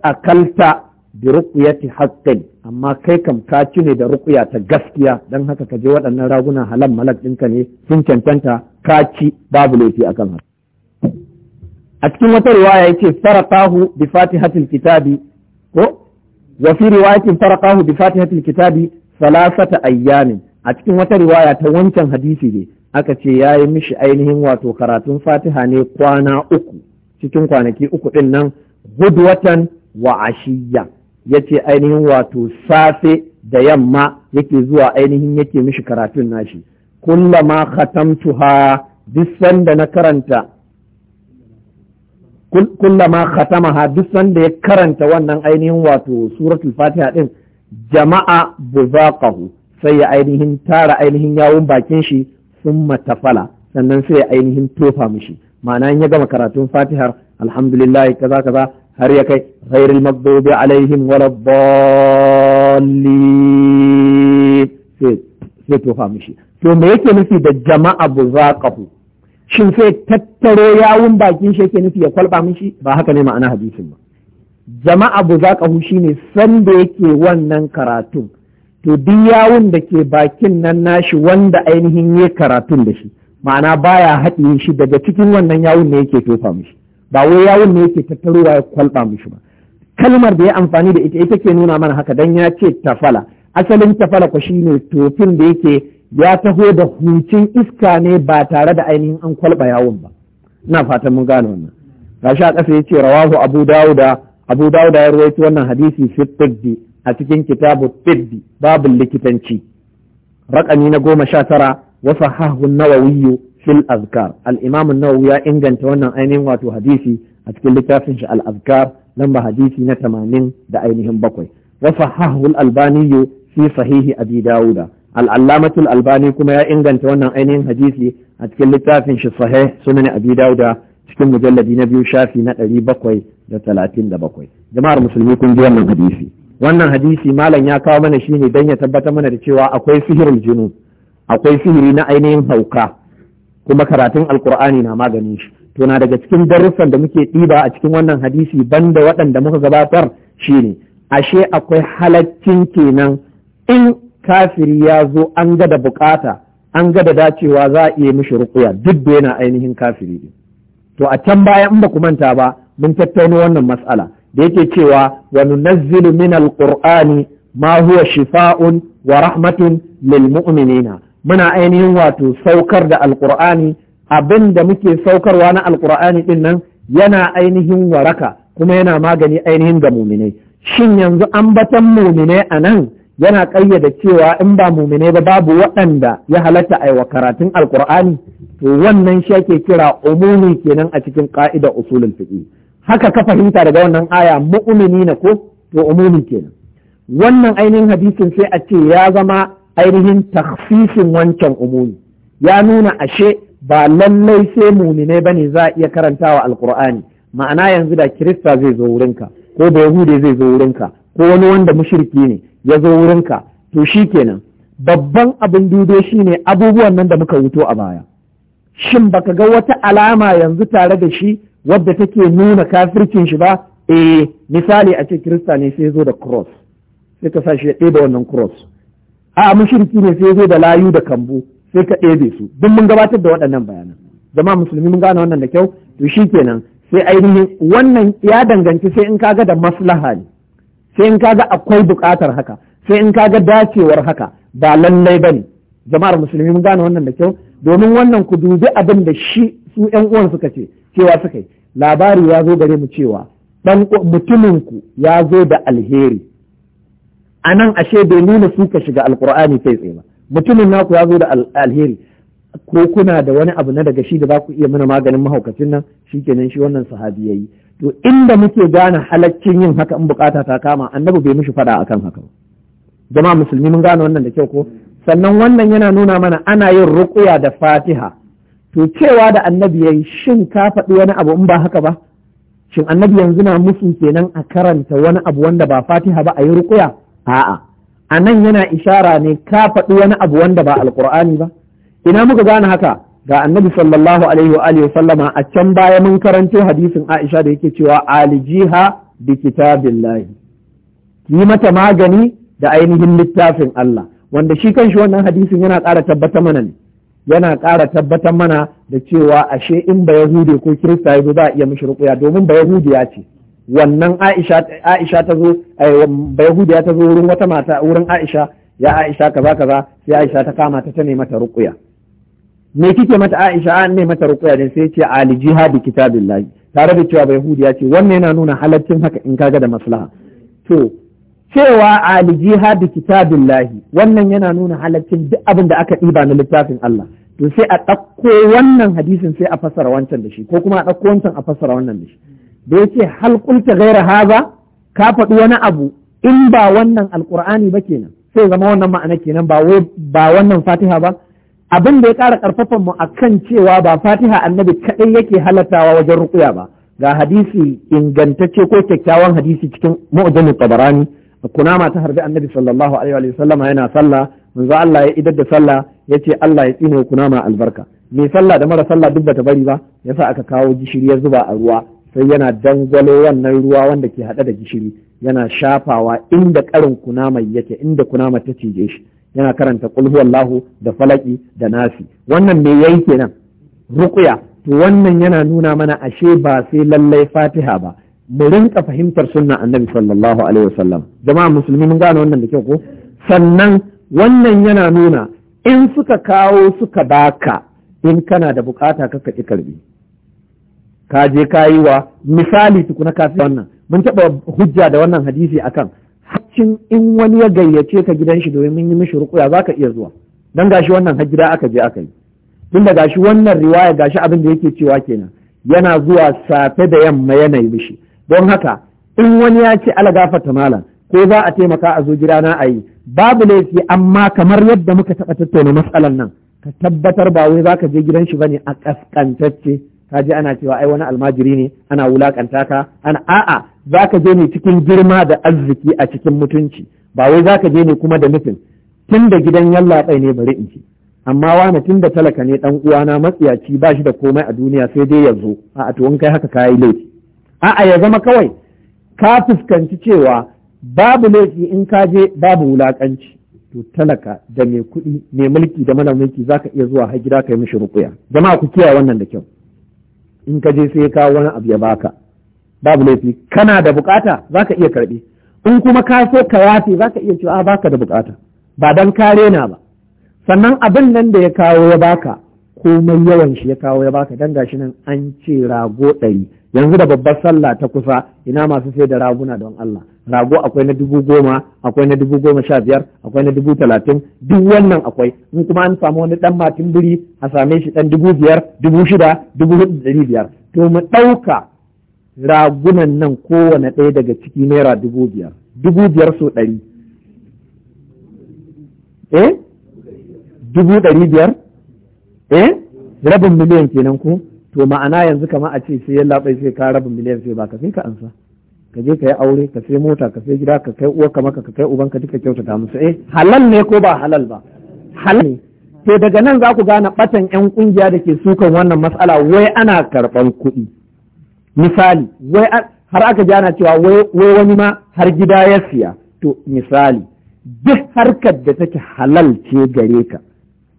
a kalta bi ta haqqin amma kai kam ka ci ne da ruƙuya ta gaskiya don haka ka je waɗannan raguna halal malak ɗinka ne sun cancanta ka ci babu laifi kan haka a cikin wata riwaya yake faraqahu bi fatihatil kitabi ko wa fi riwayatin bi fatihatil kitabi salasata ayyamin a cikin wata riwaya ta wancan hadisi ne aka ce ya yi mishi ainihin wato karatun fatiha ne kwana uku cikin kwanaki uku ɗin nan gudwatan wa ashiya ya ce ainihin wato safe da yamma yake zuwa ainihin yake mishi karatun nashi kullama khatamtuha duk sanda na karanta kullama khatamaha duk sanda ya karanta wannan ainihin wato suratul fatiha din jama'a buzaqahu sai ya ainihin tara ainihin yawun bakin shi sun matafala sannan sai ya ainihin tofa mishi ma'ana in ya gama karatun fatihar alhamdulillah kaza kaza har ya kai ghairil maghdubi alaihim wala dallin sai tofa mishi to me yake nufi da jama'a buzaqahu shin sai tattaro yawun bakin shi yake nufi ya kwalba mishi ba haka ne ma'ana hadisin ba jama'a buzaqahu shine san da yake wannan karatun to duk yawun da ke bakin nan nashi wanda ainihin ya karatun da shi ma'ana baya haɗiye shi daga cikin wannan yawun ne yake tofa mishi ba wai yawun ne yake tattaruwa ya kwalba mishi ba kalmar da ya amfani da ita ita ke nuna mana haka dan ya ce tafala asalin tafala ko shine tofin da yake ya taho da hucin iska ne ba tare da ainihin an kwalba yawun ba ina fatan mun gane wannan gashi a ƙasa ce rawahu abu dawuda abu dawuda ya ruwaito wannan hadisi fi a cikin kitabu tibbi babin likitanci raƙami na goma sha tara wa sahahu nawawiyu fil azkar al-imam an-nawawi ya inganta wannan ainihin wato hadisi a cikin littafin shi al-azkar lamba hadisi na tamanin da ainihin bakwai wa sahahu al-albani fi sahihi abi dawuda al al albani kuma ya inganta wannan ainihin hadisi a cikin littafin shi sahih sunan abi dawuda cikin mujalladi na biyu shafi na ɗari bakwai da talatin da bakwai jama'ar musulmi kun ji wannan hadisi wannan hadisi malam ya kawo mana shi ne don ya tabbatar mana da cewa akwai sihirin jinu akwai sihiri na ainihin hauka kuma karatun alkur'ani na magani shi to na daga cikin darussan da muke ɗiba a cikin wannan hadisi banda waɗanda muka gabatar shine ashe akwai halaccin kenan in kafiri ya zo an ga da bukata an ga da dacewa za a iya mishi rukuya duk da yana ainihin kafiri to a can baya in ba ku manta ba mun tattauna wannan matsala da yake cewa wa nunazzilu min alqur'ani ma huwa shifa'un wa rahmatun lil mu'minina muna ainihin wato saukar da alqur'ani abin da muke saukarwa na alqur'ani din nan yana ainihin waraka kuma yana magani ainihin ga muminai shin yanzu an batan muminai anan, yana ƙayyada cewa in ba muminai ba babu waɗanda ya halatta a wa karatun alkur'ani to wannan shi ake kira umumi kenan a cikin ƙa'idar usulul fiqh haka ka fahimta daga wannan aya mu'mini na ko to umumin kenan wannan ainihin hadisin sai a ce ya zama ainihin takhfifin wancan umumi ya nuna ashe ba lallai sai mumine bane za a iya karantawa alqur'ani ma'ana yanzu da kirista zai zo wurinka ko da yahude zai zo wurinka ko wani wanda mushriki ne ya zo wurinka to shikenan babban abin dudo shine abubuwan nan da muka wuto a baya shin baka ga wata alama yanzu tare da shi wadda take nuna kafircin shi ba eh misali a ce kirista ne sai zo da cross sai ka sa shi ya ɗebe wannan cross a mushriki ne sai zo da layu da kambu sai ka ɗebe su duk mun gabatar da waɗannan bayanan zama musulmi mun gane wannan da kyau to kenan sai ainihin wannan ya danganci sai in kaga da maslaha ne sai in kaga akwai buƙatar haka sai in kaga dacewar haka ba lallai ba ne. jama'ar musulmi mun gane wannan da kyau domin wannan ku dubi abin da shi su ƴan uwan suka ce cewa suka yi labari ya zo gare mu cewa dan mutuminku ya zo da alheri a nan ashe bai nuna su ka shiga alkur'ani kai tsaye ba mutumin naku ya zo da alheri ko kuna da wani abu na daga shi da za ku iya mana maganin mahaukacin nan kenan shi wannan sahabi yayi to inda muke gane halaccin yin haka in bukata ta kama annabi bai mishi faɗa akan haka jama'a musulmi mun gane wannan da kyau ko sannan wannan yana nuna mana ana yin ruqya da fatiha to cewa da annabi yayi shin ka faɗi wani abu in ba haka ba shin annabi yanzu na musu kenan a karanta wani abu wanda ba fatiha ba a yi rukuya a'a a nan yana ishara ne ka faɗi wani abu wanda ba Alƙur'ani ba ina muka gane haka ga annabi sallallahu alaihi wa alihi sallama a can baya mun karanto hadisin aisha da yake cewa alijiha bi kitabillahi yi mata magani da ainihin littafin Allah wanda shi kanshi wannan hadisin yana ƙara tabbatar mana ne yana ƙara tabbatar mana da cewa ashe in ba Yahude ko Kirista ya zo za a iya mishi rukuya domin ba Yahude ya ce wannan Aisha ta zo eh, ba Yahude ya ta zo wurin wata mata wurin Aisha ya Aisha kaza kaza sai Aisha ta kama ta ta mata rukuya me kike mata Aisha an ne mata rukuya dan sai ce ali jihadi kitabillahi tare da cewa ba Yahude ya ce wannan yana nuna halaccin haka in kaga da maslaha to cewa ali jihadi kitabillahi wannan yana nuna halaccin duk abin da aka ɗiba na littafin Allah to sai a ɗauko wannan hadisin sai a fassara wancan da shi ko kuma a ɗauko wancan a fassara wannan da shi da yace hal qulta haza ka faɗi wani abu in ba wannan alqur'ani ba kenan sai zama wannan ma'ana kenan ba wai ba wannan fatiha ba abin da ya ƙara ƙarfafan mu akan cewa ba fatiha annabi kaɗai yake halattawa wajen ruƙuya ba ga hadisi ingantacce ko kyakkyawan hadisi cikin mu'jamul tabarani kunama ta harbi annabi sallallahu alaihi wa sallama yana sallah manzo Allah ya idar da sallah yace Allah ya tsine kunama albarka me sallah da mara sallah duk bata bari ba yasa aka kawo gishiri ya zuba a ruwa sai yana dangwalo wannan ruwa wanda ke hada da gishiri yana shafawa inda karin kunama yake inda kunama ta cije shi yana karanta qul huwallahu da falaki da nasi wannan me yayi kenan ruqya to wannan yana nuna mana ashe ba sai lallai fatiha ba mu rinka fahimtar sunna annabi sallallahu alaihi wasallam jama'a musulmi mun gane wannan da kyau ko sannan wannan yana nuna in suka kawo suka baka in kana da bukata ka kaɗi karbi ka je ka yi wa misali tukuna ka wannan mun taɓa hujja da wannan hadisi akan haccin in wani ya gayyace ka gidan shi domin mun yi mishi rukuya za ka iya zuwa dan gashi wannan hajjira aka je aka yi tun da gashi wannan riwaya gashi abin da yake cewa kenan yana zuwa safe da yamma yanayi mishi don haka in wani ya ce alagafata malam ko za a taimaka a zo gidana a yi babu laifi amma kamar yadda muka taɓa tattauna matsalar nan ka tabbatar ba wai za ka je gidan shi bane a kaskantacce ka je ana cewa ai wani almajiri ne ana wulakanta ka ana a'a za ka je ne cikin girma da arziki a cikin mutunci ba wai za ka je ne kuma da nufin tun da gidan yallaɓai ne bari in ci amma wani tun da talaka ne ɗan uwana matsiyaci ba shi da komai a duniya sai dai yanzu a'a to in kai haka yi laifi a'a ya zama kawai ka fuskanci cewa babu laifi in ka je babu wulakanci to talaka da mai kuɗi mai mulki da mana mulki zaka iya zuwa har gida kai mishi rukuya jama'a ku kiyaye wannan da kyau in ka je sai ka wani abu ya baka babu laifi kana da bukata zaka iya karbi in kuma ka so ka yafe zaka iya cewa baka da bukata ba dan kare na ba sannan abin nan da ya kawo ya baka komai yawan shi ya kawo ya baka dan gashi nan an ce rago ɗari yanzu da babbar sallah ta kusa ina masu sai da raguna don Allah rago akwai na dubu goma akwai na dubu goma sha biyar akwai na dubu talatin duk wannan akwai in kuma an samu wani dan matin biri a same shi dan dubu biyar dubu shida dubu hudu dari biyar to mu ɗauka ragunan nan kowane ɗaya daga ciki naira dubu biyar dubu biyar so ɗari eh dubu ɗari biyar eh rabin miliyan kenan ko to ma'ana yanzu kama a ce sai ya labai sai ka rabin miliyan sai ba ka sai ka ansa ka je ka yi aure ka sai mota ka sai gida ka kai uwarka maka ka kai ubanka duka kyautata musu eh halal ne ko ba halal ba halal ne to daga nan za ku gane batan yan kungiya da ke sukan wannan matsala wai ana karban kuɗi misali wai har aka ji ana cewa wai wani ma har gida ya siya to misali duk harkar da take halal ce gare ka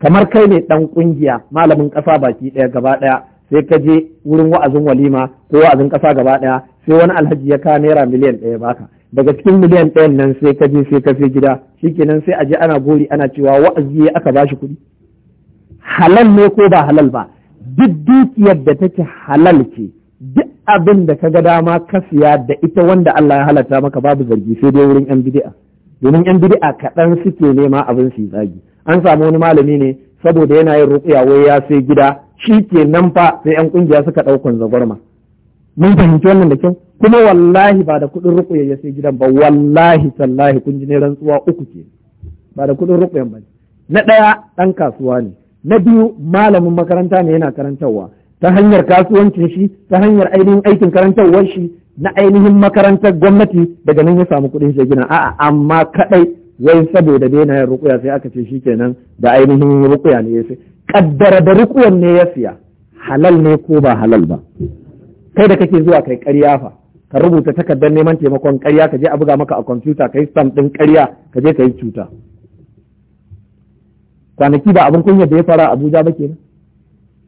kamar kai ne ɗan ƙungiya malamin kasa baki ɗaya gaba daya sai ka je wurin wa'azin walima ko wa'azin kasa gaba ɗaya, sai wani alhaji ya ka naira miliyan daya baka daga cikin miliyan ɗayan nan sai ka je sai ka fi gida shikenan sai a je ana gori ana cewa wa'azi aka ba shi kuɗi halal ne ko ba halal ba duk dukiyar da take halal ce duk abin da ka ga dama ka siya da ita wanda Allah ya halatta maka babu zargi sai dai wurin yan bid'a domin yan bid'a kaɗan suke nema abin su zagi an samu wani malami ne saboda yana yin ruƙiya wai ya sai gida shi ke nan fa sai yan kungiya suka ɗaukan zagwarma mun fahimci wannan da kyau kuma wallahi ba da kuɗin ruƙiya ya sai gidan ba wallahi sallahi kun ji ne rantsuwa uku ke ba da kuɗin ruƙiya ba na ɗaya ɗan kasuwa ne na biyu malamin makaranta ne yana karantarwa ta hanyar kasuwancin shi ta hanyar ainihin aikin karantarwar shi na ainihin makarantar gwamnati daga nan ya samu kuɗin shi gina a'a amma kaɗai wai saboda na yin rukuya sai aka ce shi shikenan da ainihin rukuya ne ya sai kaddara da rukuyan ne ya siya halal ne ko ba halal ba kai da kake zuwa kai ƙarya fa ka rubuta takardar neman taimakon ƙarya ka je a buga maka a kwamfuta ka yi stamp ɗin ƙarya ka je ka yi cuta kwanaki ba abin kunya da ya fara abuja ba kenan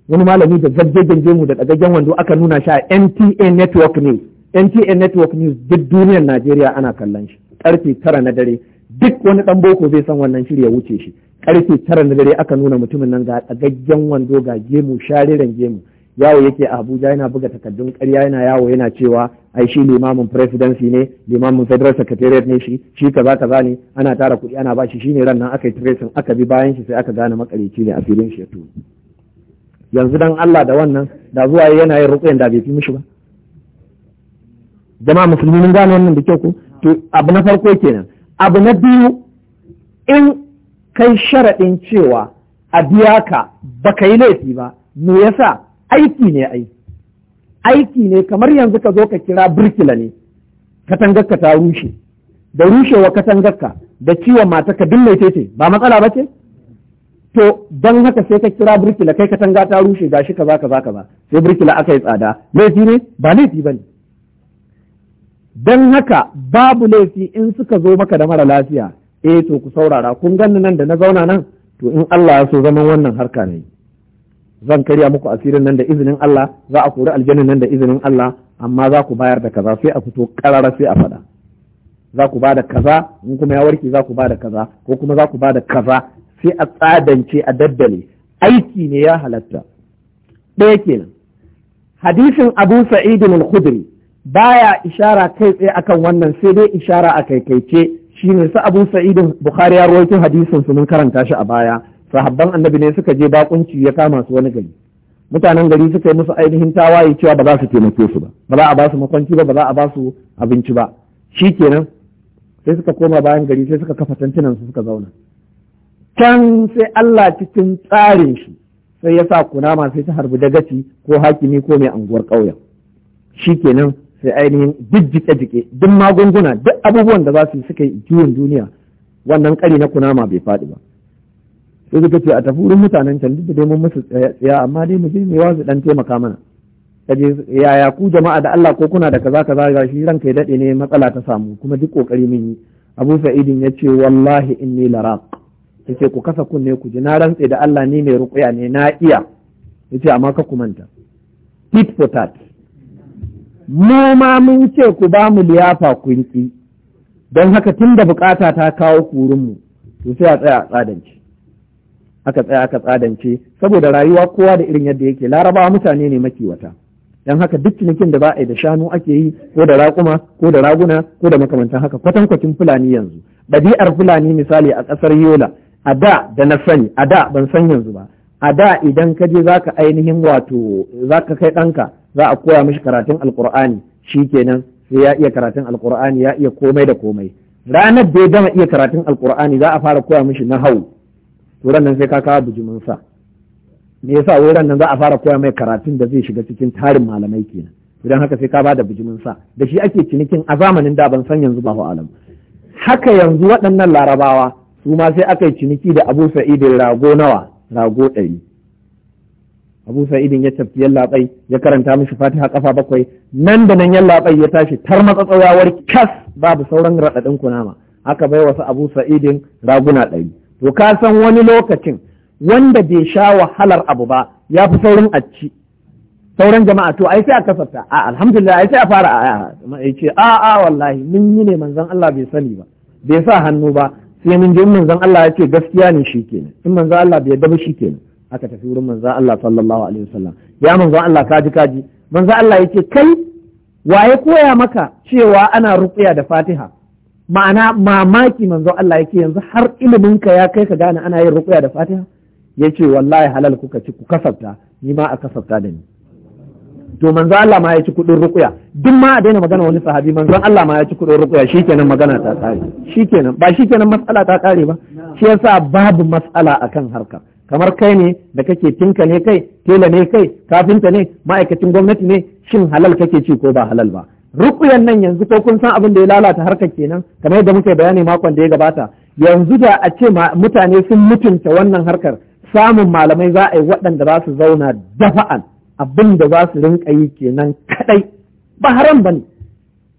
wani malami da gange mu da ɗagaggen wando aka nuna shi a NTA Network News NTA Network News duk duniyar Najeriya ana kallon shi karfe tara na dare duk wani dan boko zai san wannan shirya wuce shi karfe tara na dare aka nuna mutumin nan ga gaggen wando ga gemu shariran gemu yawo yake a Abuja yana buga takardun ƙarya yana yawo yana cewa ai shi limamin presidency ne limamin federal secretariat ne shi shi kaza kaza ne ana tara kuɗi ana bashi shine ran nan aka yi tracing aka bi bayan shi sai aka gane makarici ne a filin shi ya yanzu dan Allah da wannan da zuwa yana yin rukuyan da bai fi mishi ba jama'a musulmi mun gane wannan da kyau ko to abu na farko kenan abu na biyu in kai sharaɗin cewa a biya ka baka yi laifi ba me yasa aiki ne aiki aiki ne kamar yanzu ka zo ka kira birkila ne katangarka ta rushe da rushewa katangarka da ciwon mata ka dinne ce ba matsala ba ce to don haka sai ka kira birkila kai katanga ta rushe gashi kaza kaza kaza sai birkila aka yi tsada laifi ne ba laifi ba ne don haka babu laifi in suka zo maka da mara lafiya eh to ku saurara kun ganni nan da na zauna nan to in Allah ya so zaman wannan harka ne zan karya muku asirin nan da izinin Allah za a kori aljannin nan da izinin Allah amma za ku bayar da kaza sai a fito karara sai a faɗa za ku bada kaza in kuma ya warke za ku bada kaza ko kuma za ku bada kaza sai a tsadance a daddale aiki ne ya halatta ɗaya kenan hadisin Abu Sa'id al-Khudri baya ishara kai tsaye akan wannan sai dai ishara a kaikaice shine su Abu Sa'id Bukhari ya rawaito hadisin su mun karanta shi a baya sahabban annabi ne suka je bakunci ya kama su wani gari mutanen gari suka yi musu ainihin tawaye cewa ba za su taimake su ba ba za a ba su makwanci ba ba za a ba su abinci ba shikenan sai suka koma bayan gari sai suka kafa tantunan su suka zauna can sai Allah cikin tsarin shi sai ya sa kunama sai ta harbi dagaci ko hakimi ko mai anguwar ƙauyen shikenan sai ainihin duk jike duk magunguna duk abubuwan da za su suka yi duniya wannan kari na kunama bai faɗi ba sai suka ce a tafi wurin mutanen can duk da dai mun musu tsaya amma dai mu je mu yawa su dan taimaka mana kaje yaya ku jama'a da Allah ko kuna da kaza kaza ga shi ranka ya dade ne matsala ta samu kuma duk kokari mun yi Abu Sa'idin ya ce wallahi inni laraq yace ku kasa kunne ku ji na rantse da Allah ni mai rukuya ne na iya yace amma ka ku manta tit for tat mu ma mun ce ku ba mu liyafa kun don haka tun da bukata ta kawo kurinmu to sai a tsaya a tsadance aka tsaya aka tsadance saboda rayuwa kowa da irin yadda yake larabawa mutane ne makiwata don haka duk cinikin da ba a yi da shanu ake yi ko da raƙuma ko da raguna ko da makamantan haka kwatankwacin fulani yanzu ɗabi'ar fulani misali a ƙasar yola a da da na sani a da ban san yanzu ba a da idan ka je za ka ainihin wato za ka kai ɗanka za a koya mishi karatun Alkur'ani shi kenan, sai ya iya karatun Alkur'ani. ya iya komai da komai ranar da ya gama iya karatun Alkur'ani za a fara koya mishi na hau. to nan sai ka kawo bijimin sa me yasa wurin nan za a fara koya mai karatun da zai shiga cikin tarin malamai kenan idan haka sai ka ba da bijimin sa da shi ake cinikin a zamanin da ban san yanzu ba alam haka yanzu waɗannan larabawa su ma sai aka yi ciniki da abu sa'idin rago nawa rago ɗari abu sa'idin ya tafi yallaɓai ya karanta mishi fatiha kafa bakwai nan da nan yallaɓai ya tashi tar matsatsawar kas babu sauran raɗaɗin kunama aka bai wasu abu sa'idin raguna ɗari to ka san wani lokacin wanda bai sha wahalar abu ba ya fi saurin a ci sauran jama'a to ai sai a kasafta a alhamdulillah ai sai a fara a ce a a wallahi mun yi ne manzon Allah bai sani ba bai sa hannu ba sai mun je manzon Allah ya ce gaskiya ne kenan in manzon Allah bai yarda shi kenan. aka tafi wurin manzo Allah sallallahu alaihi wasallam ya manzo Allah kaji kaji manzo Allah yake kai waye koya maka cewa ana ruqya da Fatiha ma'ana mamaki manzo Allah yake yanzu har ilimin ka ya kai ka gane ana yin ruqya da Fatiha yace wallahi halal kuka ci ku kasafta ni ma a kasafta da ni to manzo Allah ma ya ci kudin ruqya duk ma a daina magana wani sahabi manzo Allah ma ya ci kudin ruqya shikenan magana ta kare shikenan ba shikenan matsala ta kare ba shi yasa babu matsala akan harka kamar kai ne da kake tinka ne kai tela ne kai kafinta ne ma'aikacin gwamnati ne shin halal kake ci ko ba halal ba rukuyan nan yanzu ko kun san abin da ya lalata harkar kenan kamar yadda muke bayani makon da ya gabata yanzu da a ce mutane sun mutunta wannan harkar samun malamai za a yi waɗanda za su zauna dafa'an abin da za su rinka yi kenan kadai ba haram ba ne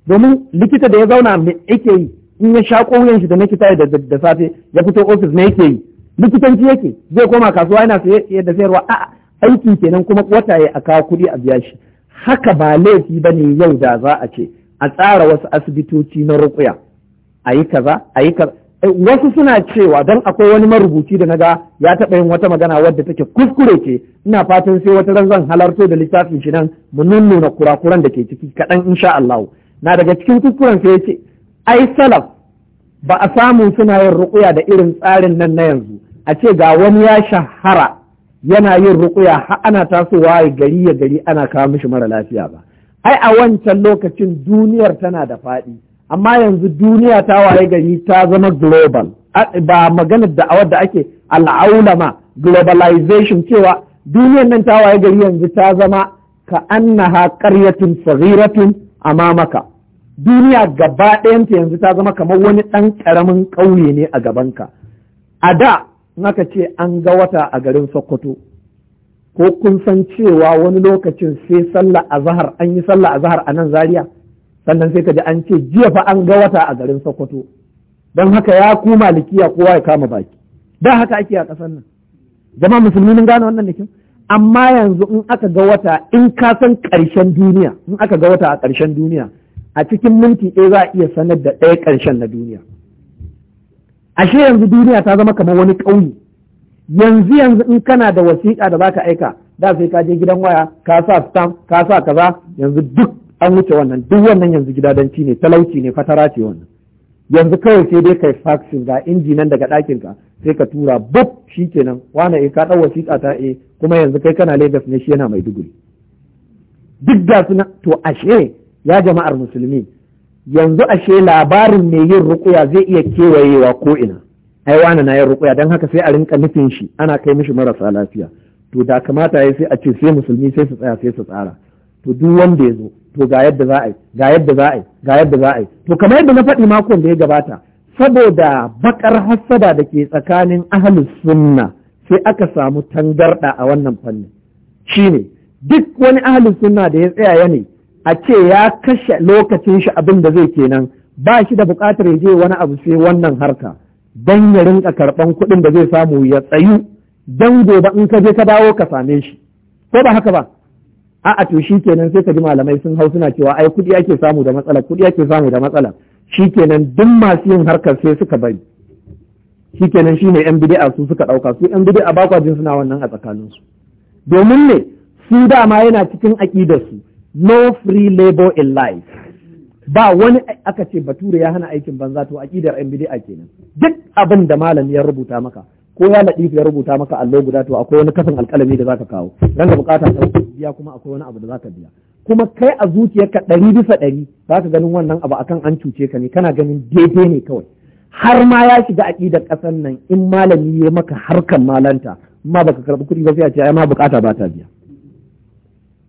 domin likita da ya zauna me yake yi in ya sha wuyan shi da na kita da safe ya fito ofis ne yake yi likitanci yake zai koma kasuwa yana saye da sayarwa a aiki kenan kuma wata ya kawo kuɗi a biya shi haka ba laifi ba ne yau da za a ce a tsara wasu asibitoci na rukuya a yi kaza a yi kaza eh, wasu suna cewa don akwai wani marubuci da na ga ya taɓa yin wata magana wadda take kuskure ce ina fatan sai wata ran zan halarto da littafin shi nan mu nunnuna kurakuran da ke ciki kaɗan insha Allah na daga cikin kuskuren sai ya ce ai salaf ba a samu suna yin ruƙuya da irin tsarin nan na yanzu a ce ga wani ya shahara yana yin ruƙuya har ana tasowa ya gari ya gari ana kawo mishi mara lafiya ba ai a wancan lokacin duniyar tana da faɗi amma yanzu duniya ta waye gari ta zama global ba maganar da awar da ake al'aulama globalization cewa duniyar nan ta waye gari yanzu ta zama ka annaha qaryatun saghiratun amamaka duniya gaba ɗayanta yanzu ta zama kamar wani ɗan ƙaramin ƙauye ne a gabanka a da naka ce an ga wata a garin sokoto ko kun san cewa wani lokacin sai sallah a zahar an yi sallah a zahar a nan Zariya sannan sai ka ji an ce jiya fa an ga wata a garin sokoto don haka ya ku malikiya kowa ya kama baki da haka ake a ƙasar nan zama musulmi mun gane wannan nikin amma yanzu in aka ga wata in ka san ƙarshen duniya in aka ga wata a ƙarshen duniya a cikin minti ɗaya za a iya sanar da ɗaya ƙarshen na duniya ashe yanzu duniya ta zama kamar wani ƙauye yanzu yanzu in kana da wasiƙa da za ka aika da sai ka je gidan waya ka sa stamp ka sa kaza yanzu duk an wuce wannan duk wannan yanzu gidadanci ne talauci ne fatara ce wannan yanzu kawai sai dai kai faxin ga inji nan daga ɗakin ka sai ka tura bub shikenan wane eh ka ɗau wasiƙa ta eh kuma yanzu kai kana Lagos ne shi yana mai duguri. duk da suna to ashe ya jama'ar musulmi yanzu ashe labarin mai yin rukuya zai iya kewayewa ko ina ai wani na yin rukuya don haka sai a rinka nufin shi ana kai mishi marasa lafiya to da kamata ya sai a ce sai musulmi sai su tsaya sai su tsara to duk wanda ya zo to ga yadda za a yi ga yadda za a yi ga yadda za a yi to kamar yadda na faɗi makon da ya gabata saboda bakar hassada da ke tsakanin ahlus sunna sai aka samu tangarɗa a wannan fannin shine duk wani ahlus sunna da ya tsaya ya ne a ce ya kashe lokacin shi abin da zai kenan ba shi da buƙatar ya je wani abu sai wannan harka don ya rinka karɓan kuɗin da zai samu ya tsayu don gobe in ka je ka dawo ka same shi ko ba haka ba a'a to shi kenan sai ka ji malamai sun hau suna cewa ai kuɗi ake samu da matsala kuɗi ake samu da matsala shi kenan duk masu yin harkar sai suka bari shi kenan shine yan bid'a su suka ɗauka su yan bidia ba kwa jin suna wannan a tsakaninsu domin ne su dama yana cikin aƙidarsu no free labor in life ba wani aka ce bature ya hana aikin banza to aqidar yan ake kenan duk abin da malam ya rubuta maka ko ya latif ya rubuta maka allo guda to akwai wani kafin alkalami da zaka kawo dan da bukata ta biya kuma akwai wani abu da zaka biya kuma kai a zuciyarka ɗari bisa ɗari ka ganin wannan abu akan an cuce ka ne kana ganin daidai ne kawai har ma ya shiga aqidar ƙasar nan in malami ya maka harkan malanta ma baka karɓi kuɗi ba sai a ce ai ma bukata ba ta biya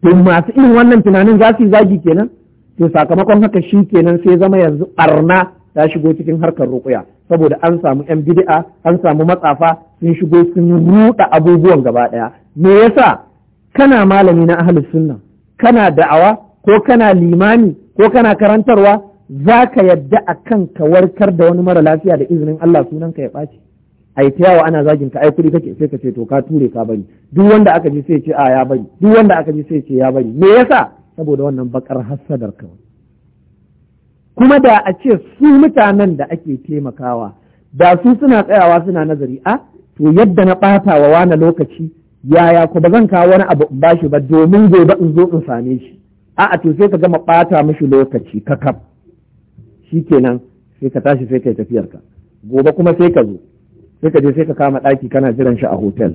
to masu irin wannan tunanin za su yi zagi kenan to sakamakon haka shi kenan sai zama yanzu Arna ta shigo cikin harkar rukuya saboda an samu yan bid'a an samu matsafa sun shigo sun ruɗa abubuwan gaba ɗaya me yasa kana malami na ahlus sunna kana da'awa ko kana limami ko kana karantarwa zaka ka yadda a ka warkar da wani mara lafiya da izinin Allah sunanka ya ɓaci ai ta yawa ana zagin ka ai kuɗi kake sai ka ce to ka ture ka bari duk wanda aka ji sai ce a ya bari duk wanda aka ji sai ce ya bari me yasa saboda wannan bakar hassadar kawai kuma da a ce su mutanen da ake taimakawa da su suna tsayawa suna nazari a to yadda na ɓata wa wani lokaci yaya ko ba zan kawo wani abu in bashi ba domin gobe in zo in same shi a'a to sai ka gama bata mishi lokaci kakaf shikenan sai ka tashi sai ka tafiyar ka gobe kuma sai ka zo sai ka je sai ka kama ɗaki kana jiran shi a hotel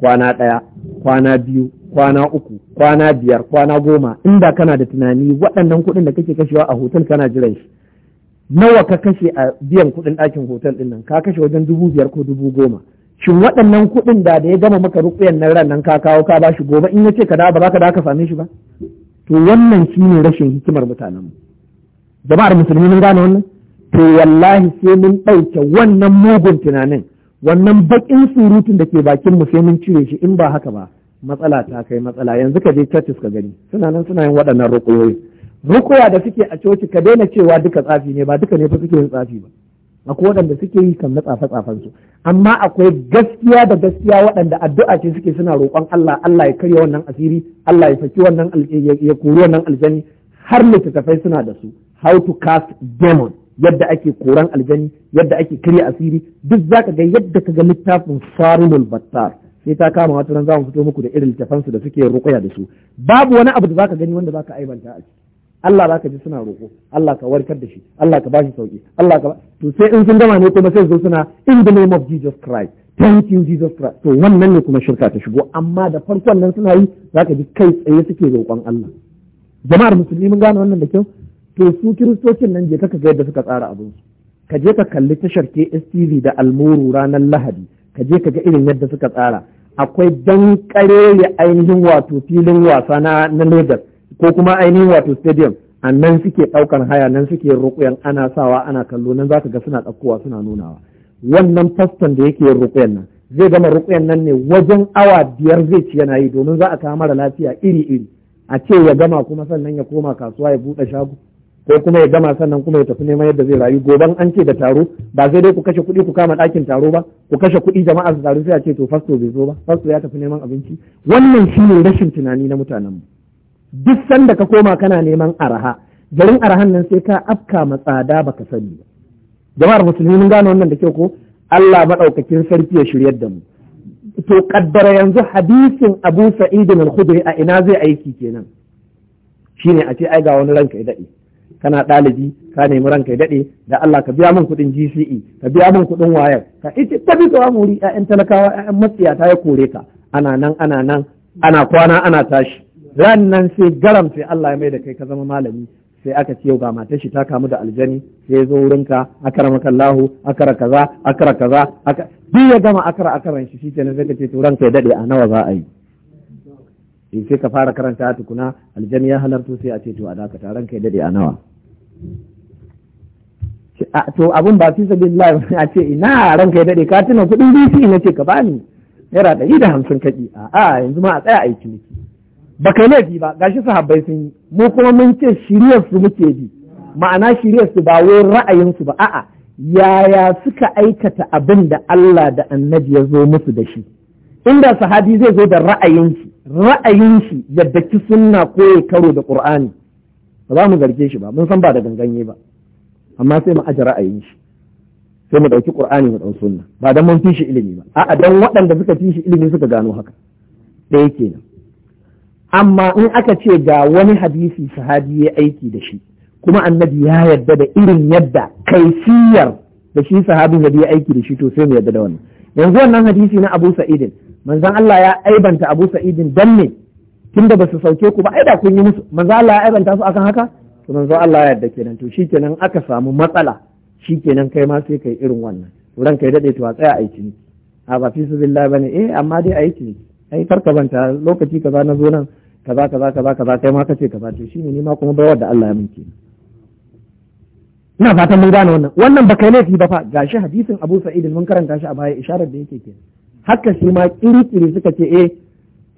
kwana ɗaya kwana biyu kwana uku kwana biyar kwana goma inda kana da tunani waɗannan kuɗin da kake kashewa a hotel kana jiran shi nawa ka kashe a biyan kuɗin ɗakin hotel ɗin nan ka kashe wajen dubu biyar ko dubu goma shin waɗannan kuɗin da da ya gama maka rukuyan nan ran nan ka kawo ka bashi gobe in ya ce ka da ba za ka da ka same shi ba to wannan shine rashin hikimar mutanenmu jama'ar musulmi mun gane wannan to wallahi sai mun ɗauke wannan mugun tunanin wannan baƙin surutun da ke bakin mu sai mun cire shi in ba haka ba matsala ta kai matsala yanzu ka je churches ka gani suna nan suna yin waɗannan rukuyoyi rukuya da suke a coci ka daina cewa duka tsafi ne ba duka ne fa suke yin tsafi ba akwai waɗanda suke yi kan na tsafe su amma akwai gaskiya da gaskiya waɗanda addu'a ce suke suna roƙon Allah Allah ya karya wannan asiri Allah ya saki wannan ya kori wannan aljani har littattafai suna da su how to cast demon yadda ake koran aljani yadda ake kirya asiri duk zaka ga yadda kaga littafin farimul battar sai ta kama wata ran zamu fito muku da irin littafan su da suke ruqya da su babu wani abu da zaka gani wanda ka aibanta a ciki Allah ka ji suna roƙo Allah ka warkar da shi Allah ka bashi sauki Allah ka to sai in sun gama ne kuma sai zo suna in the name of Jesus Christ thank you Jesus Christ to wannan ne kuma shirka ta shigo amma da farkon nan suna yi ka ji kai tsaye suke roƙon Allah jama'ar musulmi mun gane wannan da kyau to su kiristocin nan je ka ga yadda suka tsara abin su ka je ka kalli tashar KSTV da almuru ranar Lahadi ka je ka ga irin yadda suka tsara akwai dan karere ainihin wato filin wasa na na Lagos ko kuma ainihin wato stadium a nan suke ɗaukan haya nan suke rukuyan ana sawa ana kallo nan zaka ga suna ɗaukowa suna nunawa wannan faston da yake rukuyan nan zai gama rukuyan nan ne wajen awa biyar zai ci yana yi domin za a kawo mara lafiya iri iri a ce ya gama kuma sannan ya koma kasuwa ya buɗe shago ko kuma ya gama sannan kuma ya tafi neman yadda zai rayu goban an ce da taro ba zai dai ku kashe kuɗi ku kama ɗakin taro ba ku kashe kuɗi jama'a su taru sai a ce to fasto bai zo ba fasto ya tafi neman abinci wannan shine rashin tunani na mutanen mu duk sanda ka koma kana neman araha garin arahan nan sai ka afka ma tsada baka sani ba jama'ar musulmi mun gane wannan da kyau ko Allah madaukakin sarki ya shiryar da mu to kaddara yanzu hadisin Abu Sa'id al-Khudri a ina zai aiki kenan shine a ce ai ga wani ranka ya dade kana ɗalibi ka nemi ranka ya daɗe da Allah ka biya min kuɗin GCE ka biya min kuɗin wayar ka ita ta bi tsawon wuri ƴaƴan talakawa ƴaƴan matsiyata ya kore ka ana nan ana nan ana kwana ana tashi ran nan sai garam sai Allah ya mai da kai ka zama malami sai aka ce yau ga matar shi ta kamu da aljani sai ya zo ka, akara makallahu akara kaza akara kaza aka duk ya gama akara akaran shi shikenan sai ka ce to ranka ya daɗe a nawa za a yi eh, sai ka fara karanta tukuna aljani ya halarta sai a ce to a dakata ranka ya daɗe a nawa to abin ba fi sabi Allah a ce ina ranka ya daɗe ka tuna kuɗin bisi na ce ka bani naira ɗari da hamsin kaɗi a a yanzu ma a tsaya aiki miki ba kai laifi ba gashi sahabbai sun yi mu kuma mun ce shiriyar su muke bi ma'ana shiriyar su ba wai ra'ayin su ba a'a yaya suka aikata abin da Allah da annabi ya zo musu da shi inda sahabi zai zo da ra'ayin shi ra'ayin shi yadda ki sunna ko ya karo da qur'ani ba za mu zarge shi ba mun san ba da ganganye ba amma sai mu aje ra'ayin shi sai mu ɗauki ƙur'ani mu sunna ba dan mun fi shi ilimi ba a'a dan waɗanda suka fi shi ilimi suka gano haka ɗaya kenan amma in aka ce ga wani hadisi sahabi ya aiki da shi kuma annabi ya yarda da irin yadda kaifiyar da shi sahabin ya aiki da shi to sai mu yarda da wannan yanzu wannan hadisi na Abu Sa'idin manzon Allah ya aibanta Abu Sa'id dan ne tunda ba su sauke ku ba ai da kun yi musu manzo Allah ya aibanta su akan haka to manzo Allah ya yarda kenan to shikenan aka samu matsala shikenan kai ma sai kai irin wannan to ranka ya dade to a tsaya aiki a ba fi billahi bane eh amma dai aiki ai ka banta lokaci kaza na zo nan kaza kaza kaza kaza kai ma kace kaza to shine ni ma kuma bai wadda Allah ya min kenan ina fatan mun gane wannan wannan ba kai laifi ba fa gashi hadisin Abu Sa'id mun karanta shi a baya isharar da yake kenan haka shi ma kiri-kiri suka ce eh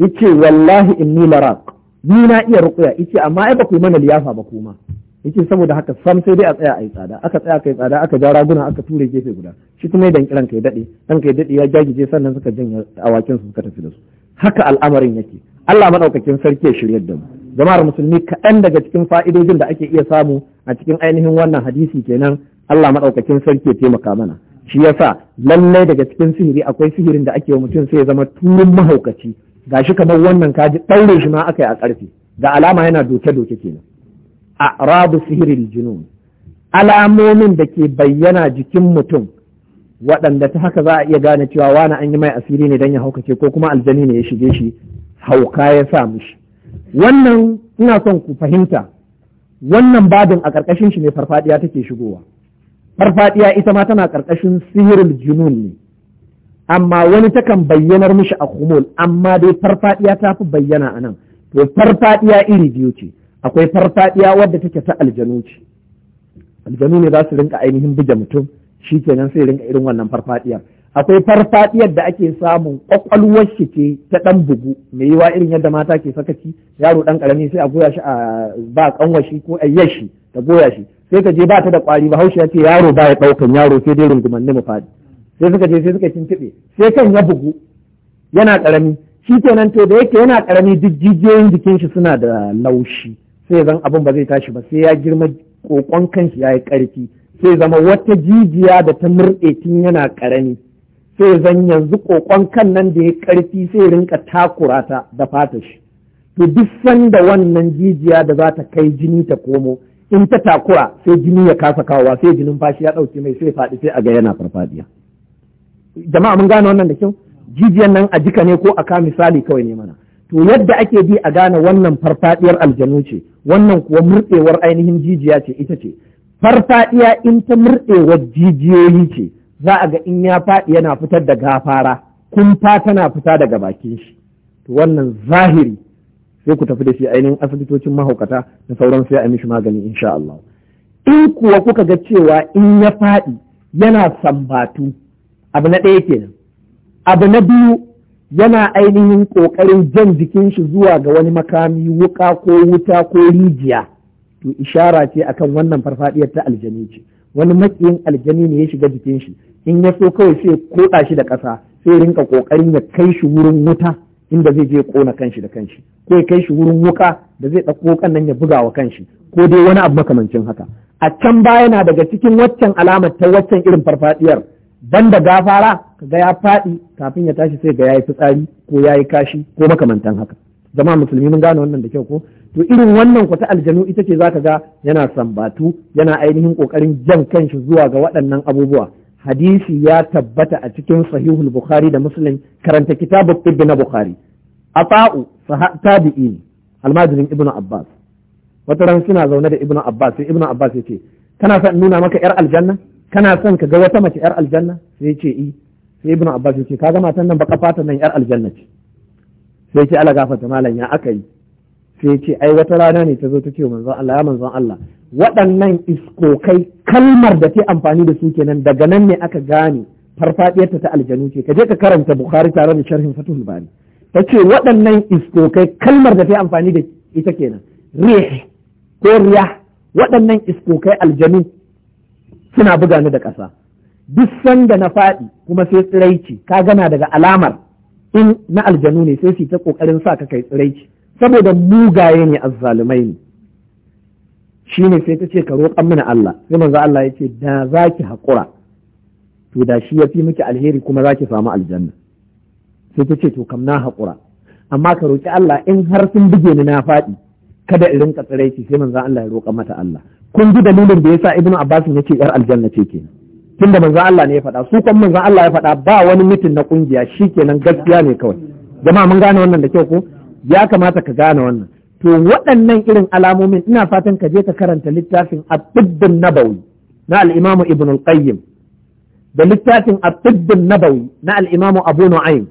yace wallahi in inni laraq ni na iya ruqya yace amma ai ba ku mana liyafa ba kuma yace saboda haka sam sai dai a tsaya a yi tsada aka tsaya kai tsada aka ja raguna aka ture gefe guda shi kuma dan kiran kai dade dan kai dade ya jajije sannan suka janye awakin su suka tafi da su haka al'amarin yake Allah madaukakin sarki ya shiryar da mu jama'ar musulmi kaɗan daga cikin fa'idojin da ake iya samu a cikin ainihin wannan hadisi kenan Allah madaukakin sarki ya taimaka mana shi yasa lallai daga cikin sihiri akwai sihirin da ake wa mutum sai ya zama turun mahaukaci Ga shi kamar wannan kaji ɗaure shi ma aka yi a ƙarfi Da alama yana doke-doke kenan a rabu sihirin junun alamomin da ke bayyana jikin mutum waɗanda ta haka za a iya gane cewa wani an yi mai asiri ne don ya haukace ko kuma aljani ne ya shige shi hauka ya sa mishi wannan ina son ku fahimta wannan badin a ƙarƙashin shi ne farfaɗiya take shigowa farfaɗiya ita ma tana ƙarƙashin sihirin junun ne amma wani takan bayyanar mishi a kumul amma dai farfadiya ta fi bayyana a nan to farfadiya iri biyu ce akwai farfadiya wadda take ta aljanu ce aljanu ne za su rinka ainihin buge mutum shi kenan sai rinka irin wannan farfadiya akwai farfadiyar da ake samun kwakwalwar shi ce ta ɗan bugu mai yiwa irin yadda mata ke sakaci yaro dan karami sai a goya shi a ba kanwashi ko ayyar shi ta goya shi sai ka je ba ta da kwari ba haushi ya ce yaro ba ya daukan yaro sai dai rungumanni mu fadi sai suka je sai suka tuntuɓe sai kan ya bugu yana ƙarami shi kenan to da yake yana ƙarami duk jijiyoyin jikin shi suna da laushi sai zan abin ba zai tashi ba sai ya girma kokon kanshi ya yi ƙarfi sai zama wata jijiya da ta murɗe tun yana ƙarami sai zan yanzu kokon kan nan da ya ƙarfi sai rinka takura ta da fata shi to duk sanda wannan jijiya da za ta kai jini ta komo in ta takura sai jini ya kasa kawowa sai jinin fashi ya ɗauke mai sai faɗi sai a ga yana farfadiya. jama'a mun gane wannan da kyau jijiyan nan a jika ne ko a ka misali kawai ne mana to yadda ake bi a gane wannan farfadiyar aljanu ce wannan kuwa murɗewar ainihin jijiya ce ita ce farfadiya in ta murɗewar jijiyoyi ce za a ga in ya faɗi yana fitar da gafara kumfa tana fita daga bakin shi to wannan zahiri sai ku tafi da shi ainihin asibitocin mahaukata da sauran sai a mishi magani insha Allah in kuwa kuka ga cewa in ya faɗi yana sambatu abu na ɗaya kenan abu na biyu yana ainihin ƙoƙarin jan jikin shi zuwa ga wani makami wuka ko wuta ko rijiya to ishara ce akan wannan farfadiyar ta aljani ce wani makiyin aljani ne ya shiga jikin shi in ya so kawai sai koɗa shi da ƙasa sai rinka ƙoƙarin ya kai shi wurin wuta inda zai je ƙona kanshi da kanshi ko ya kai shi wurin wuka da zai ɗauko kan ya buga wa kanshi ko dai wani abu makamancin haka a can baya na daga cikin waccan alamar ta waccan irin farfadiyar banda gafara kaga ya faɗi kafin ya tashi sai ga yayi fitsari ko yayi kashi ko makamantan haka zama musulmi mun gane wannan da kyau ko to irin wannan kwata aljanu ita ce zaka ga yana sambatu yana ainihin kokarin jan kanshi zuwa ga waɗannan abubuwa hadisi ya tabbata a cikin sahihul bukhari da muslim karanta kitabu tibbi na bukhari ata'u tabi'i ne almajirin Ibn abbas wata ran suna zaune da Ibn abbas sai ibnu abbas ya ce kana son nuna maka yar aljanna kana son ka ga wata mace yar aljanna sai ce i eh. sai ibnu abbas ya ce kaga matan nan baka fata nan yar aljanna ce sai ce ala gafarta malam ya aka yi sai ce ai wata rana ne ta zo ta ce manzon Allah ya manzon Allah waɗannan iskokai kalmar da ke amfani da su kenan daga nan ne aka gane farfadiyarta ta aljanu ce ka je ka karanta bukhari tare da sharhin fatul bari ta ce waɗannan iskokai kalmar da ta amfani da ita kenan rih ko riya. waɗannan iskokai aljanu suna buga ni da ƙasa duk sanda na faɗi kuma sai tsiraici ka gana daga alamar in na aljanu ne sai su ta ƙoƙarin sa ka kai tsiraici saboda mugaye ne azzalumai ne shi ne sai ta ce ka roƙan mana Allah sai manzo Allah ya ce da za ki haƙura to da shi ya fi miki alheri kuma za ki samu aljanna sai ta ce to kam na haƙura amma ka roƙi Allah in har sun buge ni na faɗi kada in rinka tsiraici sai manzon Allah ya roƙa mata Allah kun ji dalilin da yasa ibnu abbas ya ce yar aljanna ce ke. tunda manzon Allah ne ya faɗa su kan manzon Allah ya faɗa ba wani mitin na kungiya shikenan gaskiya ne kawai jama'a mun gane wannan da kyau ko ya kamata ka gane wannan to waɗannan irin alamomin ina fatan ka je ka karanta littafin at nabawi na al-imam ibn al-qayyim da littafin at nabawi na al-imam abu nu'aym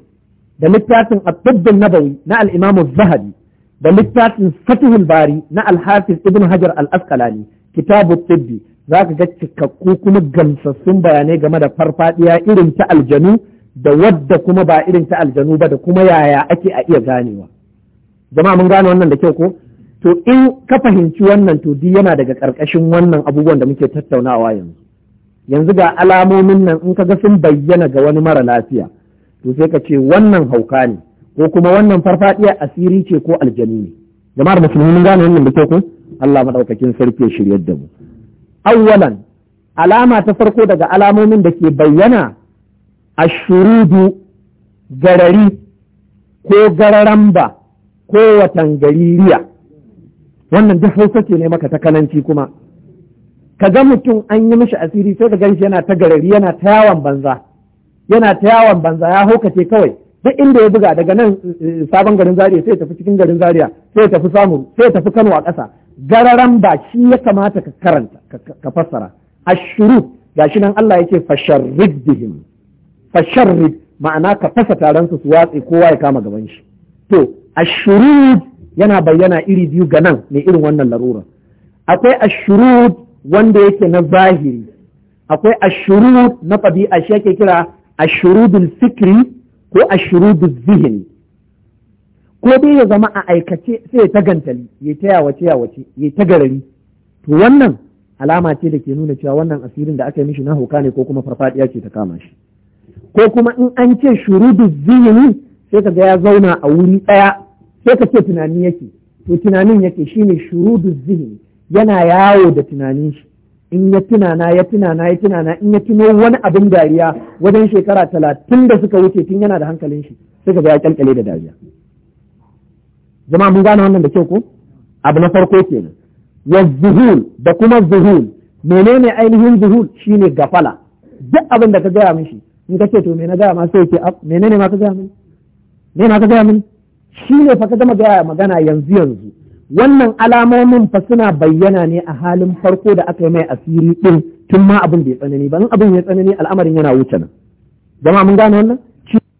da littafin at nabawi na al-imam az-zahabi da littafin fatihul bari na alhafiz ibn hajar al-asqalani kitabu tibbi zaka ga cikakku kuma gamsassun bayanai game da farfadiya irin ta aljanu da wadda kuma ba irin ta aljanu ba da kuma yaya ake a iya ganewa jama'a mun gane wannan da kyau ko to in ka fahimci wannan to yana daga karkashin wannan abubuwan da muke tattaunawa yanzu yanzu ga alamomin nan in ka ga sun bayyana ga wani mara lafiya to sai ka ce wannan hauka ne ko kuma wannan farfadiyar asiri ce ko aljanu ne jama'ar musulmi mun gane wannan da kyau Allah madaukakin sarki ya shiryar da mu awwalan alama ta farko daga alamomin da ke bayyana ashurudu garari ko gararamba ko watan galiriya wannan duk hausa ce ne maka ta kananci kuma ka ga mutum an yi mishi asiri sai ka ganshi yana ta garari yana ta yawan banza yana ta yawan banza ya haukace kawai duk inda ya buga daga nan eh, sabon garin Zaria sai ya tafi cikin garin Zaria sai ya tafi samu sai ya tafi Kano a ƙasa gararan ba shi ya kamata ka karanta ka fassara ga gashi nan Allah yake fasharrid bihim fasharrid ma'ana ka fasa taron su watsi kowa ya kama gaban shi to ashurud yana bayyana iri biyu ga nan mai irin wannan larura akwai ashurud wanda yake na zahiri akwai ashuru na ɗabi'a shi yake kira ashurudul fikri ko a shurudu zihin, ko dai ya zama a aikace sai ya tagantali ya ta yawace yawace ya ta garari to wannan alama ce da ke nuna cewa wannan asirin da aka yi mishi na hauka ne ko kuma farfadiya ce ta kama shi ko kuma in an ce shurudu zihini sai ka ga ya zauna a wuri ɗaya sai ka ce tunani yake to tunanin yake shine shurudu zihini yana yawo da tunanin shi in ya tunana ya tunana ya tunana in ya tuno wani abin dariya wajen shekara talatin da suka wuce tun yana da hankalin shi sai ka ya kyalkyale da dariya Zama mun gane wannan da kyau ko abu na farko kenan wa zuhul da kuma zuhul menene ainihin zuhul shine gafala duk abin da ka gaya mishi in ka ce to me na gaya ma sai ke ah, menene ma ka gaya mini me ma ka gaya mini shine fa ka gama gaya magana yanzu yanzu wannan alamomin fa suna bayyana ne a halin farko da aka yi mai asiri ɗin tun ma abin bai tsanani ba in abin ya tsanani al'amarin yana wuce nan jama'a mun gane wannan